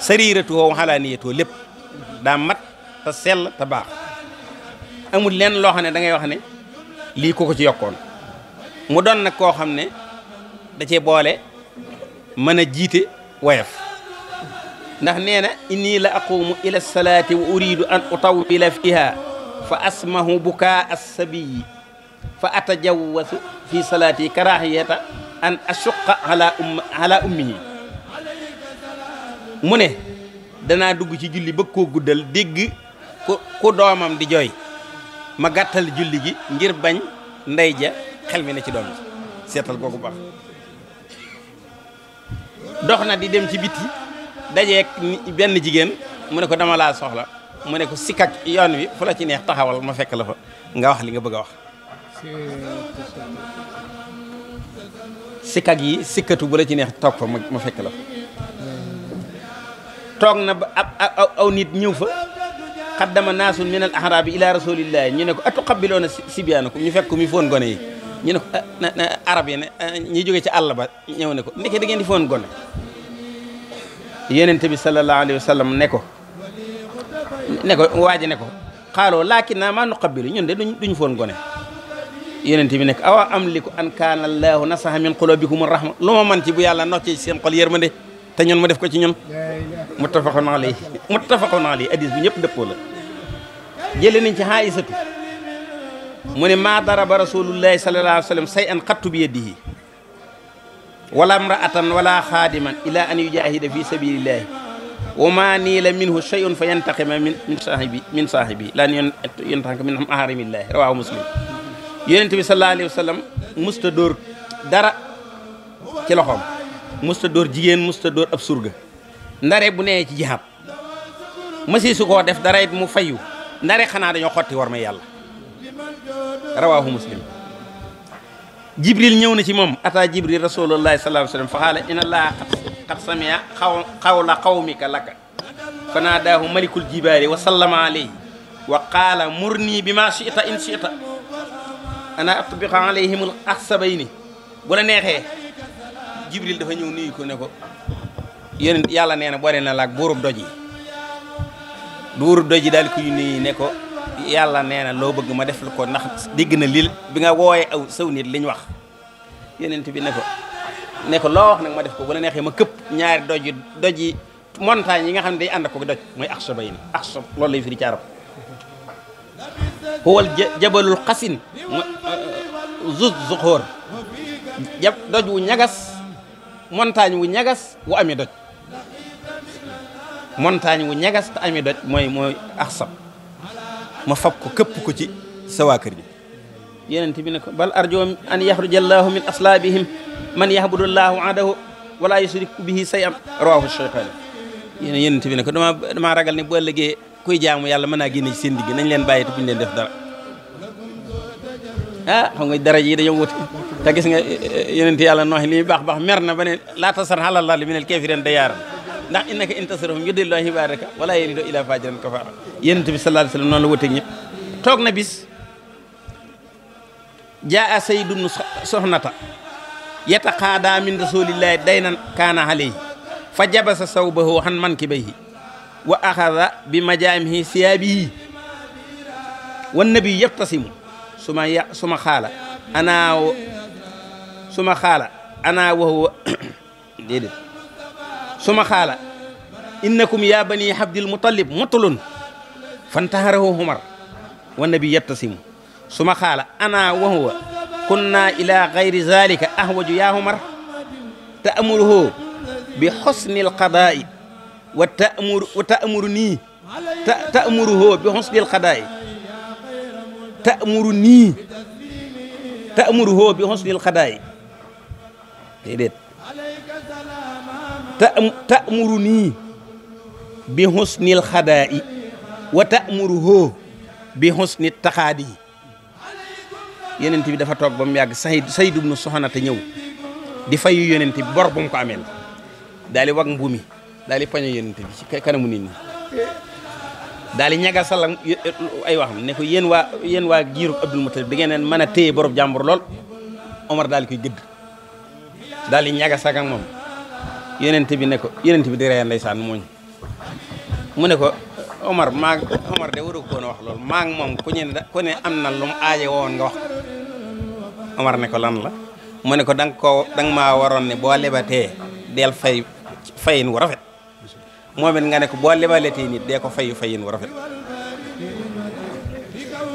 sariiratuhu lépp daa mat te sell te baax amul leen loo xam ne da ngay wax ne lii ku ko ci yokkoon mu doon nag koo xam ne da cee boole mën a jiite woyof ndax nee na inni la aqumu ila salaati wa uridu an utawila fiha fa asmahu bukaa assabiyi fa atajawwasu fi salaati karahiyata an ashuqa ala um ala ummihi mu ne danaa dugg ci julli bëgg koo guddal dégg ku doomam di joy ma gàttal julli gi ngir bañ ndey ja xel mi ne ci doon ji seetal kooku baax dox na di dem ci yi dajeek benn jigéen mu ne ko dama laa soxla mu ne ko sikak yoon wi fu la ci neex taxawal ma fekk la fa nga wax li nga bëgg a wax sikak yi sikkatu bu la ci neex toog fa ma fekk la fa toog na ba ab aw nit ñëw fa xaddama naasun min al ahrabi ila rasulillahi ñu ne ko atuqabbiloona sibyaanakum ñu fekk mi foon gone yi ñu ne ko ah, arab yi ne ah, ñi jóge ci àll ba ñëw ne ko ndeke da ngeen di foon gone yonent bi sallallahu alayhi wa sallam ne ko ne ko waaji ne ko xaaloo laakinnaa maa nuqabbilu ñun de duñ foon gone yonent bi nekk awa amliku an kaana allahu nasaha min qulubikum rahma lu ma man ci bu yàlla noccee ci seen xol yërmande te ñun mu def ko ci ñun muttafaqun alayhi muttafaqun alayhi hadis bi ñëpp dëppoo la jëlee nañ ci Aysatu mu ne maa daraba rasulullahi sallallahu alayhi wa sallam say an xattu bi yadihi wala mraatan wala xaadiman ila an yujaahida fi sabilillahi wa ma niila minhu shay'un fa yantaqima min min saahibi min saahibi laa n yantaqima min aharimillahi rawaahu muslim yonente bi sallallahu alayhi wa sallam musta dóor dara ci loxoom musta dóor jigéen musta dóor ab surga ndare bu nee ci jihaab masi su def dara it mu fayu ndare xanaa dañoo xotti war ma yàlla rawaahu muslim jibril ñëw na ci moom ata jibril rasulullahi sallallahu alayhi wasallam fa qaala inna allaha qad samia qawla qawmika laka fa naadaahu malikul jibaari wa sallama alayhi wa qaala murni bima shi'ta in shi'ta ana atbiqa alayhim al axsabayni neexee jibril dafa ñëw nuyu ko ne ko yéen yàlla nee na boole na laak buurub doj yi buurub doj daal kuy nuyu ne ko yàlla nee na loo bëgg ma def lu ko ndax dégg na lil bi nga wooyee aw saw nit liñ wax yenent bi ne ko nekko loo wax nag ma def ko bu la neexee ma këpp ñaari doj doj yi yi nga xam ne day ànd ko doj mooy axsa bay ni axsa loolu lay firi ci arab huwal jabalul xasin zuz zuxóor doj wu ñagas montagne wu ñagas wu ami doj montagne wu ñagas te ami doj mooy mooy axsab ma fab ko këpp ko ci sa waa kër ji yenente bi ne ko bal arjo an yaxruja allahu min aslaabihim man yahbudu llaahu adahu wala yusriku bihi say am rawahu cheytaani yéen yenente bi ne ko dama damaa ragal ne bu ëllëgee kuy jaamu yàlla mën naa génne ci seen digg nañ leen bàyyi te buñ leen def dara ah xam nga dara ji dañoo wute te gis nga eh, yeneen ti yàlla nooxe lii baax baax mer na ba ne laa tasar xalal laal minel kafirin dayaaran ndax innaka in tasarhum yudillu ibaadaka wala yalidu illa fajiran kafaara yenent bi sallallahu alayhi wasallam noonu la wuteeg ñëpp toog na bis jaa sayyidun soxnata yataqaadaa min rasulillahi daynan kaana alayhi fa jabasa sawbahu han mankibayhi wa axada bi majaamihi siyaabihi wan nabi yaftasimu suma ya suma xaala ana suma xaala ana wa huwa déedéet suma xaala innakum ya bani abdil mutalib mutulun fantaharahu humar wa nabi yattasimu suma xaala ana wa huwa kunna ila gayri zalika ahwaju ya humar ta'muruhu bi husni alqada'i wa ta'muru wa ta'muruni ta'muruhu bi husni alqada'i ta'muruni ta'muruhu bi husni alqada'i déedéet ta tamuru nii bi xusnil xadaa i wa tamuru hoo bi xusni taxaadi yi yonent bi dafa toog ba mu yàgg sayd sayd ibnu soxanata ñëw di fayu yonent bi bor bu ko ameel daal di wag mbuumi daal di paño yonent bi daal di ñaga salam ay waxam ne ko yéen waa yéen waa giirub Abdul Mutalib da ngeen mën a téye borob jàmbur lool Omar daal di koy gëdd daal di ñagas ak moom yonent bi ne ko yonent bi di rey ndeysaan mooñ mu ne ko Omar maa Omar de waru ko woon wax loolu maa moom ku ñu ne ku ne am na lu aaje woon nga wax Omar ne ko lan la mu ne ko danga ko danga maa waroon ne boo lebatee del fay fayin wu rafet moom it nga ne ko boo lebaletee nit dee ko fayu fayin wu rafet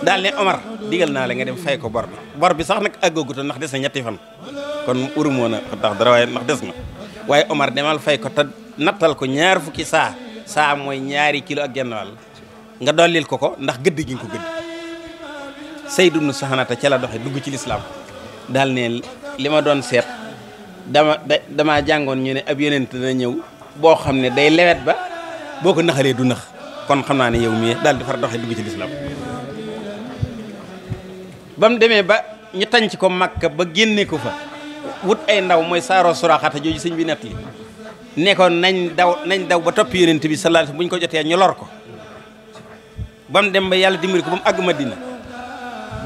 daal ne Omar digal naa la nga dem fay ko bor bi bor bi sax nag àggagutoon ndax de na ñetti fan kon uru moo na ndax dara waaye ndax des na waaye Omar demal fay ko te nattal ko ñaar fukki saa saa mooy ñaari kilo ak genn wàll nga dollil ko ko ndax gëdd gi nga ko gëdd Seydou nu saxanata ca la doxe dugg ci lislaam daal ne li ma doon seet dama dama jàngoon ñu ne ab yonent dana boo xam ne day lewet ba boo ko naxalee du nax kon xam naa ne yow mii daal di far doxee demee ba ñu tànc ko Makka ba génne ko fa wut ay ndaw mooy saaro suraxata jooju sëñ bi nett li ne nañ daw nañ daw ba topp yonent bi sallallahu alayhi wasallam bu ñu ko jotee ñu lor ko ba dem ba yàlla dimbali ko ba mu àgg Madina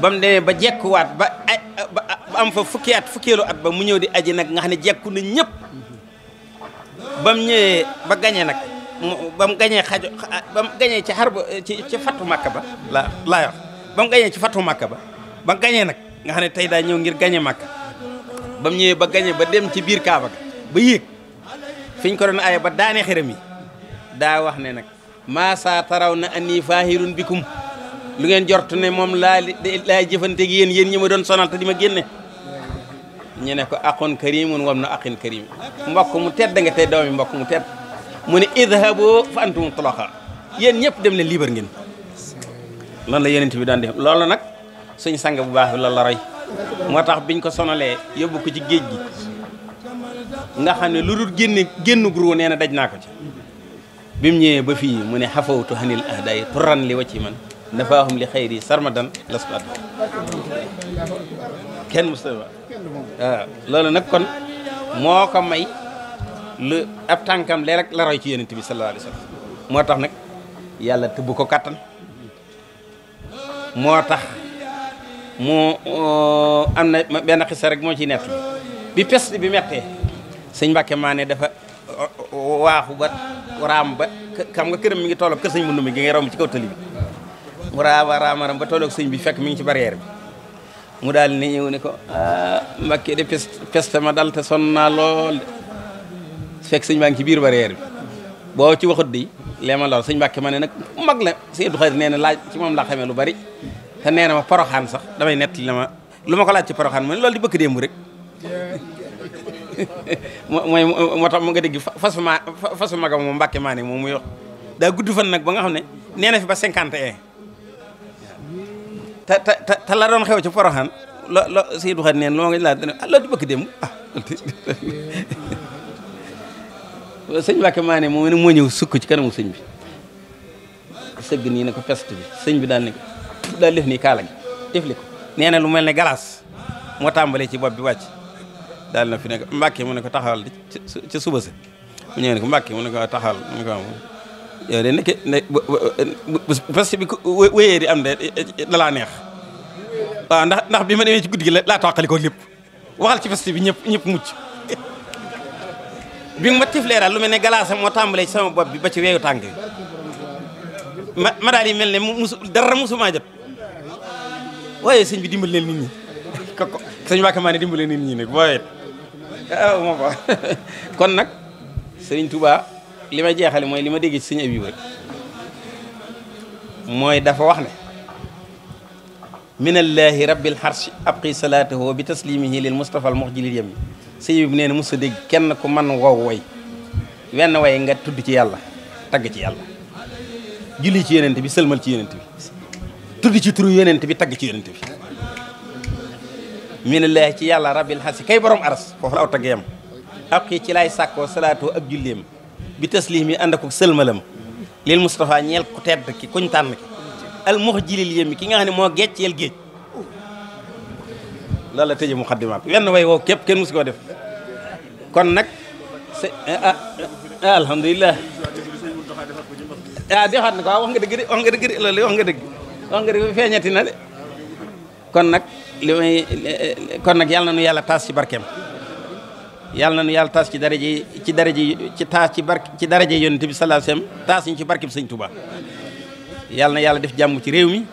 ba mu demee ba jekkuwaat ba ba am fa fukki at fukkeelu at ba mu ñëw di aji nag nga xam ne jekku na ñëpp ba mu ñëwee ba gañee nag ba mu gañee xajo ba gañee ci xar ci ci fattu màkk ba la laa wax ba mu gañee ci fattu màkk ba ba gañee nag nga xam ne tey daa ñëw ngir gañe màkk ba mu ñëwee ba gañee ba dem ci biir Kaaba ba yéeg fiñ ko doon aaye ba daane xërëm yi daa wax ne nag maa saa taraw na anii faahirun bikum lu ngeen jort ne moom laa laay jëfante gi yéen yéen ñi ma doon sonal te di ma génne ñu ne ko aqoon karimun wam na aqin karim mbokk mu tedd nga tey doomi mbokk mu tedd mu ne idhabo fa antum toloxa yéen ñëpp dem leen liibar ngeen loolu la yonent bi daan def loolu nag suñ sang bu baax bi la roy moo tax biñ ko sonalee yóbbu ko ci géej gi nga xam ne lu dul génne génn guro nee na daj naa ko ci bi ñëwee ba fii mu ne xafawtu hanil ahday turan li wacci man nafaahum li xayri sarmadan las ko kenn mustaba waaw loolu nag kon moo ko may lu ab tànkam lee rek ci yonent bi sallallahu alayhi wa sallam moo tax nag yàlla tëbb ko kàttan moo tax mu uh, am na benn xisa rek moo ci nett bi peste bi mettee sëñ Mbàkke Maane dafa uh, waaxu ba raam ba xam nga këram mi ngi tolloog kër sëñ Mbundu mi gi ngay ci kaw bi mu raama raamaram ba tolloog sëñ bi fekk mi ngi ci barrière bi mu daal ni ñëw ni ko ah, Mbàkke de peste ma dal te sonn lool de fekk sëñ baa ngi ci biir barrière bi boo ci waxut di leema lool sëñ Mbàkke ne nag mag la sëñ Abdou Xaadir nee na laaj ci moom laa xamee lu bari te nee na ma poroxaan sax damay nett li na ma lu ma ko laaj ci poroxaan ma ne loolu di bëgg démb rek mooy moo tax mu nga dégg fasu ma fasu magam moom moom muy wax daa gudd fan nag ba nga xam ne nee na fi ba cinquante et un te te te ci poroxaan lo lo Seydou Xaar neen loo nga laaj ah loolu di bëgg démb ah sëñ Mbàkke maa ne moom ne moo ñëw sukk ci kanamu sëñ bi sëgg nii ne ko bi sëñ bi daal ne daal def nii kaala gi tifli lu mel ne galaas moo tàmbalee ci bopp bi wàcc daal na fi ne ko mbàkke mu ne ko taxawal ca suba sa mu ñëw ne ko mbàkke mu ne ko taxawal mu ne ko bi wéyee di am de dalaa neex waaw ndax bi ma demee ci guddi gi la laa tàqali lépp waxal ci festi bi ñëpp ñëpp mucc bi ma tiflee lu mel ne galaasa moo tàmbalee ci sama bopp bi ba ci weeyu tànk bi ma ma mel ne musu dara musumaa jot waaye sëñ bi dimbal leen nit ñi kooku sëñ Mbacke maa ne dimbal leen nit ñi nag waaye ah kon nag sëriñ Touba li ma jeexale mooy li ma déggee ci sëñ mooy dafa wax ne minallaahi rabbil xarsi abqi salaatahu bi taslimihi lil mustafa al muxjilil yam sëñ bi nee na mos dégg kenn ku man wow way wenn way nga tudd ci yàlla tagg ci yàlla julli ci yenente bi sëlmal ci yenente bi tudd ci turu yonent bi tagg ci yonent bi minallaahi ci yàlla rabbil hasi kay borom aras foofu la aw tagg yam ak ci laay sàkkoo salaatoo ak julleem bi tasliim yi ànd ak sëlmalam lil ñeel ku tedd ki kuñ tànn al mux jilil yémi ki nga xam ne moo géej yel géej loolu la tëje muqaddimaat wenn way woo képp kenn musu koo def kon nag alhamdulilah eh, ah, eh, ah defaat na ko wax ah, wax nga dëgg de wax nga dëgg engrais bi feeñati na de kon nag li nag yàlla na nu yàlla taas ci barkeem yàlla na nu yàlla taas ci daraje ci daraje ci taas ci barke ci daraje yonent bi sallallahu alayhi wasallam taas ñu ci barkeem sëñ Touba yàlla na yàlla def jàmm ci réew mi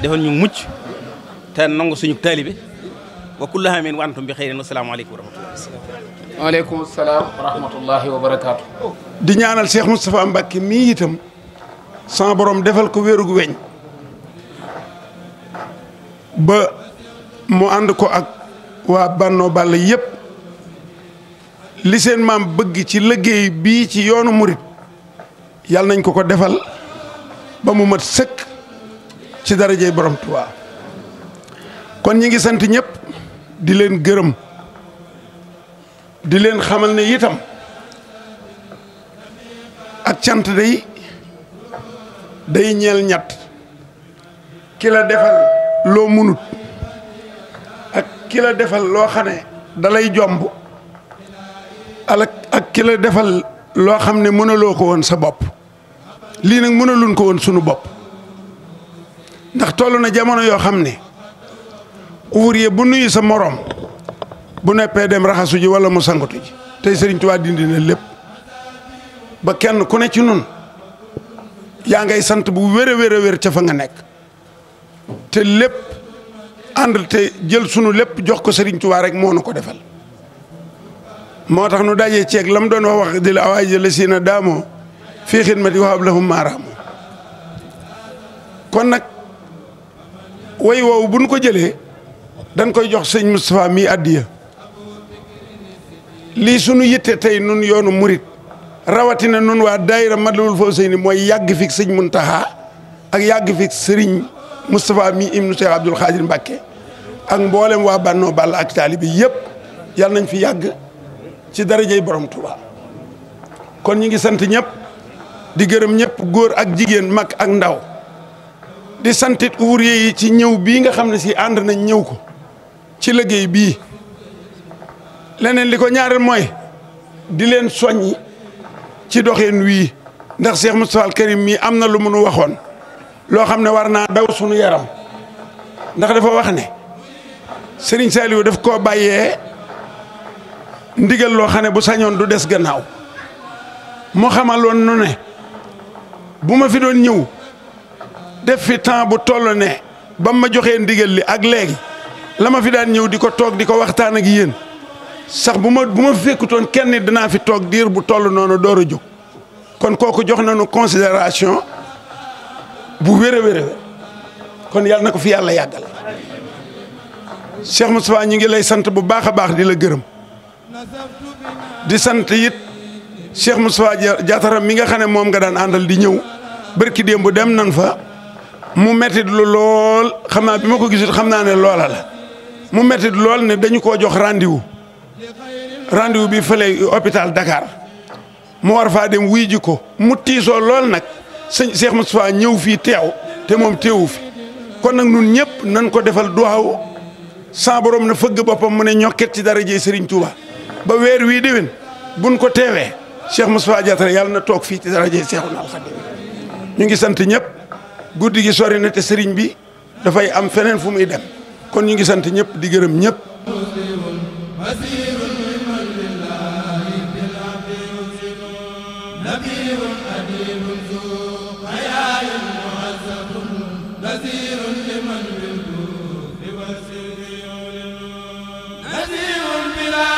defal ñu mucc te nangu suñu taalibe wa kullu aamin wa antum bi xeyrin assalaamu aleykum salaam wa rahmatullahi wa barakaatu di ñaanal Cheikh Moustapha Mbacke mii itam sama borom defal ko wéerug weñ ba mu ànd ko ak waa Bànnoo Balla yépp li seen maam bëgg ci liggéey bii ci yoonu murit yàlla nañ ko ko defal ba mu mat sëkk ci darajey borom Tuubaa kon ñi ngi sant ñépp di leen gërëm di leen xamal ne itam ak cant day day ñeel ñett kila la defal loo munut ak kilo defal loo xam ne dalay jomb alak ak ki defal loo xam ne mënaloo ko woon sa bopp lii nag mënaluñ ko woon sunu bopp ndax tollu na jamono yoo xam ne ouvrier bu nuyu sa moroom bu neppee dem raxasu ji wala mu sangutu ji tey Sëriñ Tuubaa dindi na lépp ba kenn ku ne ci nun yaa ngay sant bu wér a wér a wér ca fa nga nekk te lépp ànd te jël sunu lépp jox ko sëriñ Touba rek moo nu ko defal moo tax nu dajee ceeg lam mu doon wax wax di la awaay jële si na daamoo fii xidmati wahab lahum maaraamu kon nag way woowu bu nu ko jëlee dañ koy jox sëñ Moustapha mii addiya lii sunu yitte tey nun yoonu murit rawatina nun waa daayira Matlaboul Fawzayni mooy yàgg fi sëñ Muntaxa ak yàgg fi sëriñ Moustapha mi ibnu Cheikh Abdoul Khadir Mbacke ak mboolem waa Bannoo Balla ak taalibe yëpp yàlla nañ fi yàgg ci darajey borom Touba kon ñi ngi sant ñëpp di gërëm ñëpp góor ak jigéen mag ak ndaw di santit uur yi ci ñëw bii nga xam ne si ànd nañ ñëw ko ci liggéey bii leneen li ko ñaareel mooy di leen soññi ci doxeen wii ndax Cheikh Moustapha Al Karim mii am na lu mu waxoon loo xam ne war naa daw sunu yaram ndax dafa wax ne Serigne Saliou daf koo bàyyee ndigal loo xam ne bu sañoon du des gannaaw mu xamaloon nu ne bu ma fi doon ñëw def fi temps bu toll ne ba ma joxee ndigal li ak léegi la ma fi daan ñëw di ko toog di ko waxtaan ak yéen sax bu ma bu ma fekkutoon kenn dinaa fi toog diir bu toll noonu door a jóg kon kooku jox nanu considération bu wér a kon yàlla na ko fi yàlla yàggal Cheikh Moustapha ñu ngi lay sant bu baax a baax di la gërëm di sant it Cheikh Moustapha Diatara mi nga xam ne moom nga daan àndal di ñëw barki démb dem nan fa mu mettit lu lool xam naa bi ma ko gisut xam naa ne loola la mu mettit lool ne dañu koo jox rendez-vous rendez bi fële hôpital dakaar mu war faa dem wuy ji ko mu tiisoo lool nag sëñ Cheikh Moustapha ñëw fii teew te moom teewu fi kon nag nun ñëpp nan ko defal duwaaw sa borom na fëgg boppam mu ne ñokket ci dara jëye Serigne Touba ba weer wii déwén buñ ko teewee Cheikh Moustapha Diatara yàlla na toog fii ci dara jëye Cheikhoul Khadim ñu ngi sant ñëpp guddi gi sori na te sëriñ bi dafay am feneen fu muy dem kon ñu ngi sant ñëpp di gërëm ñëpp.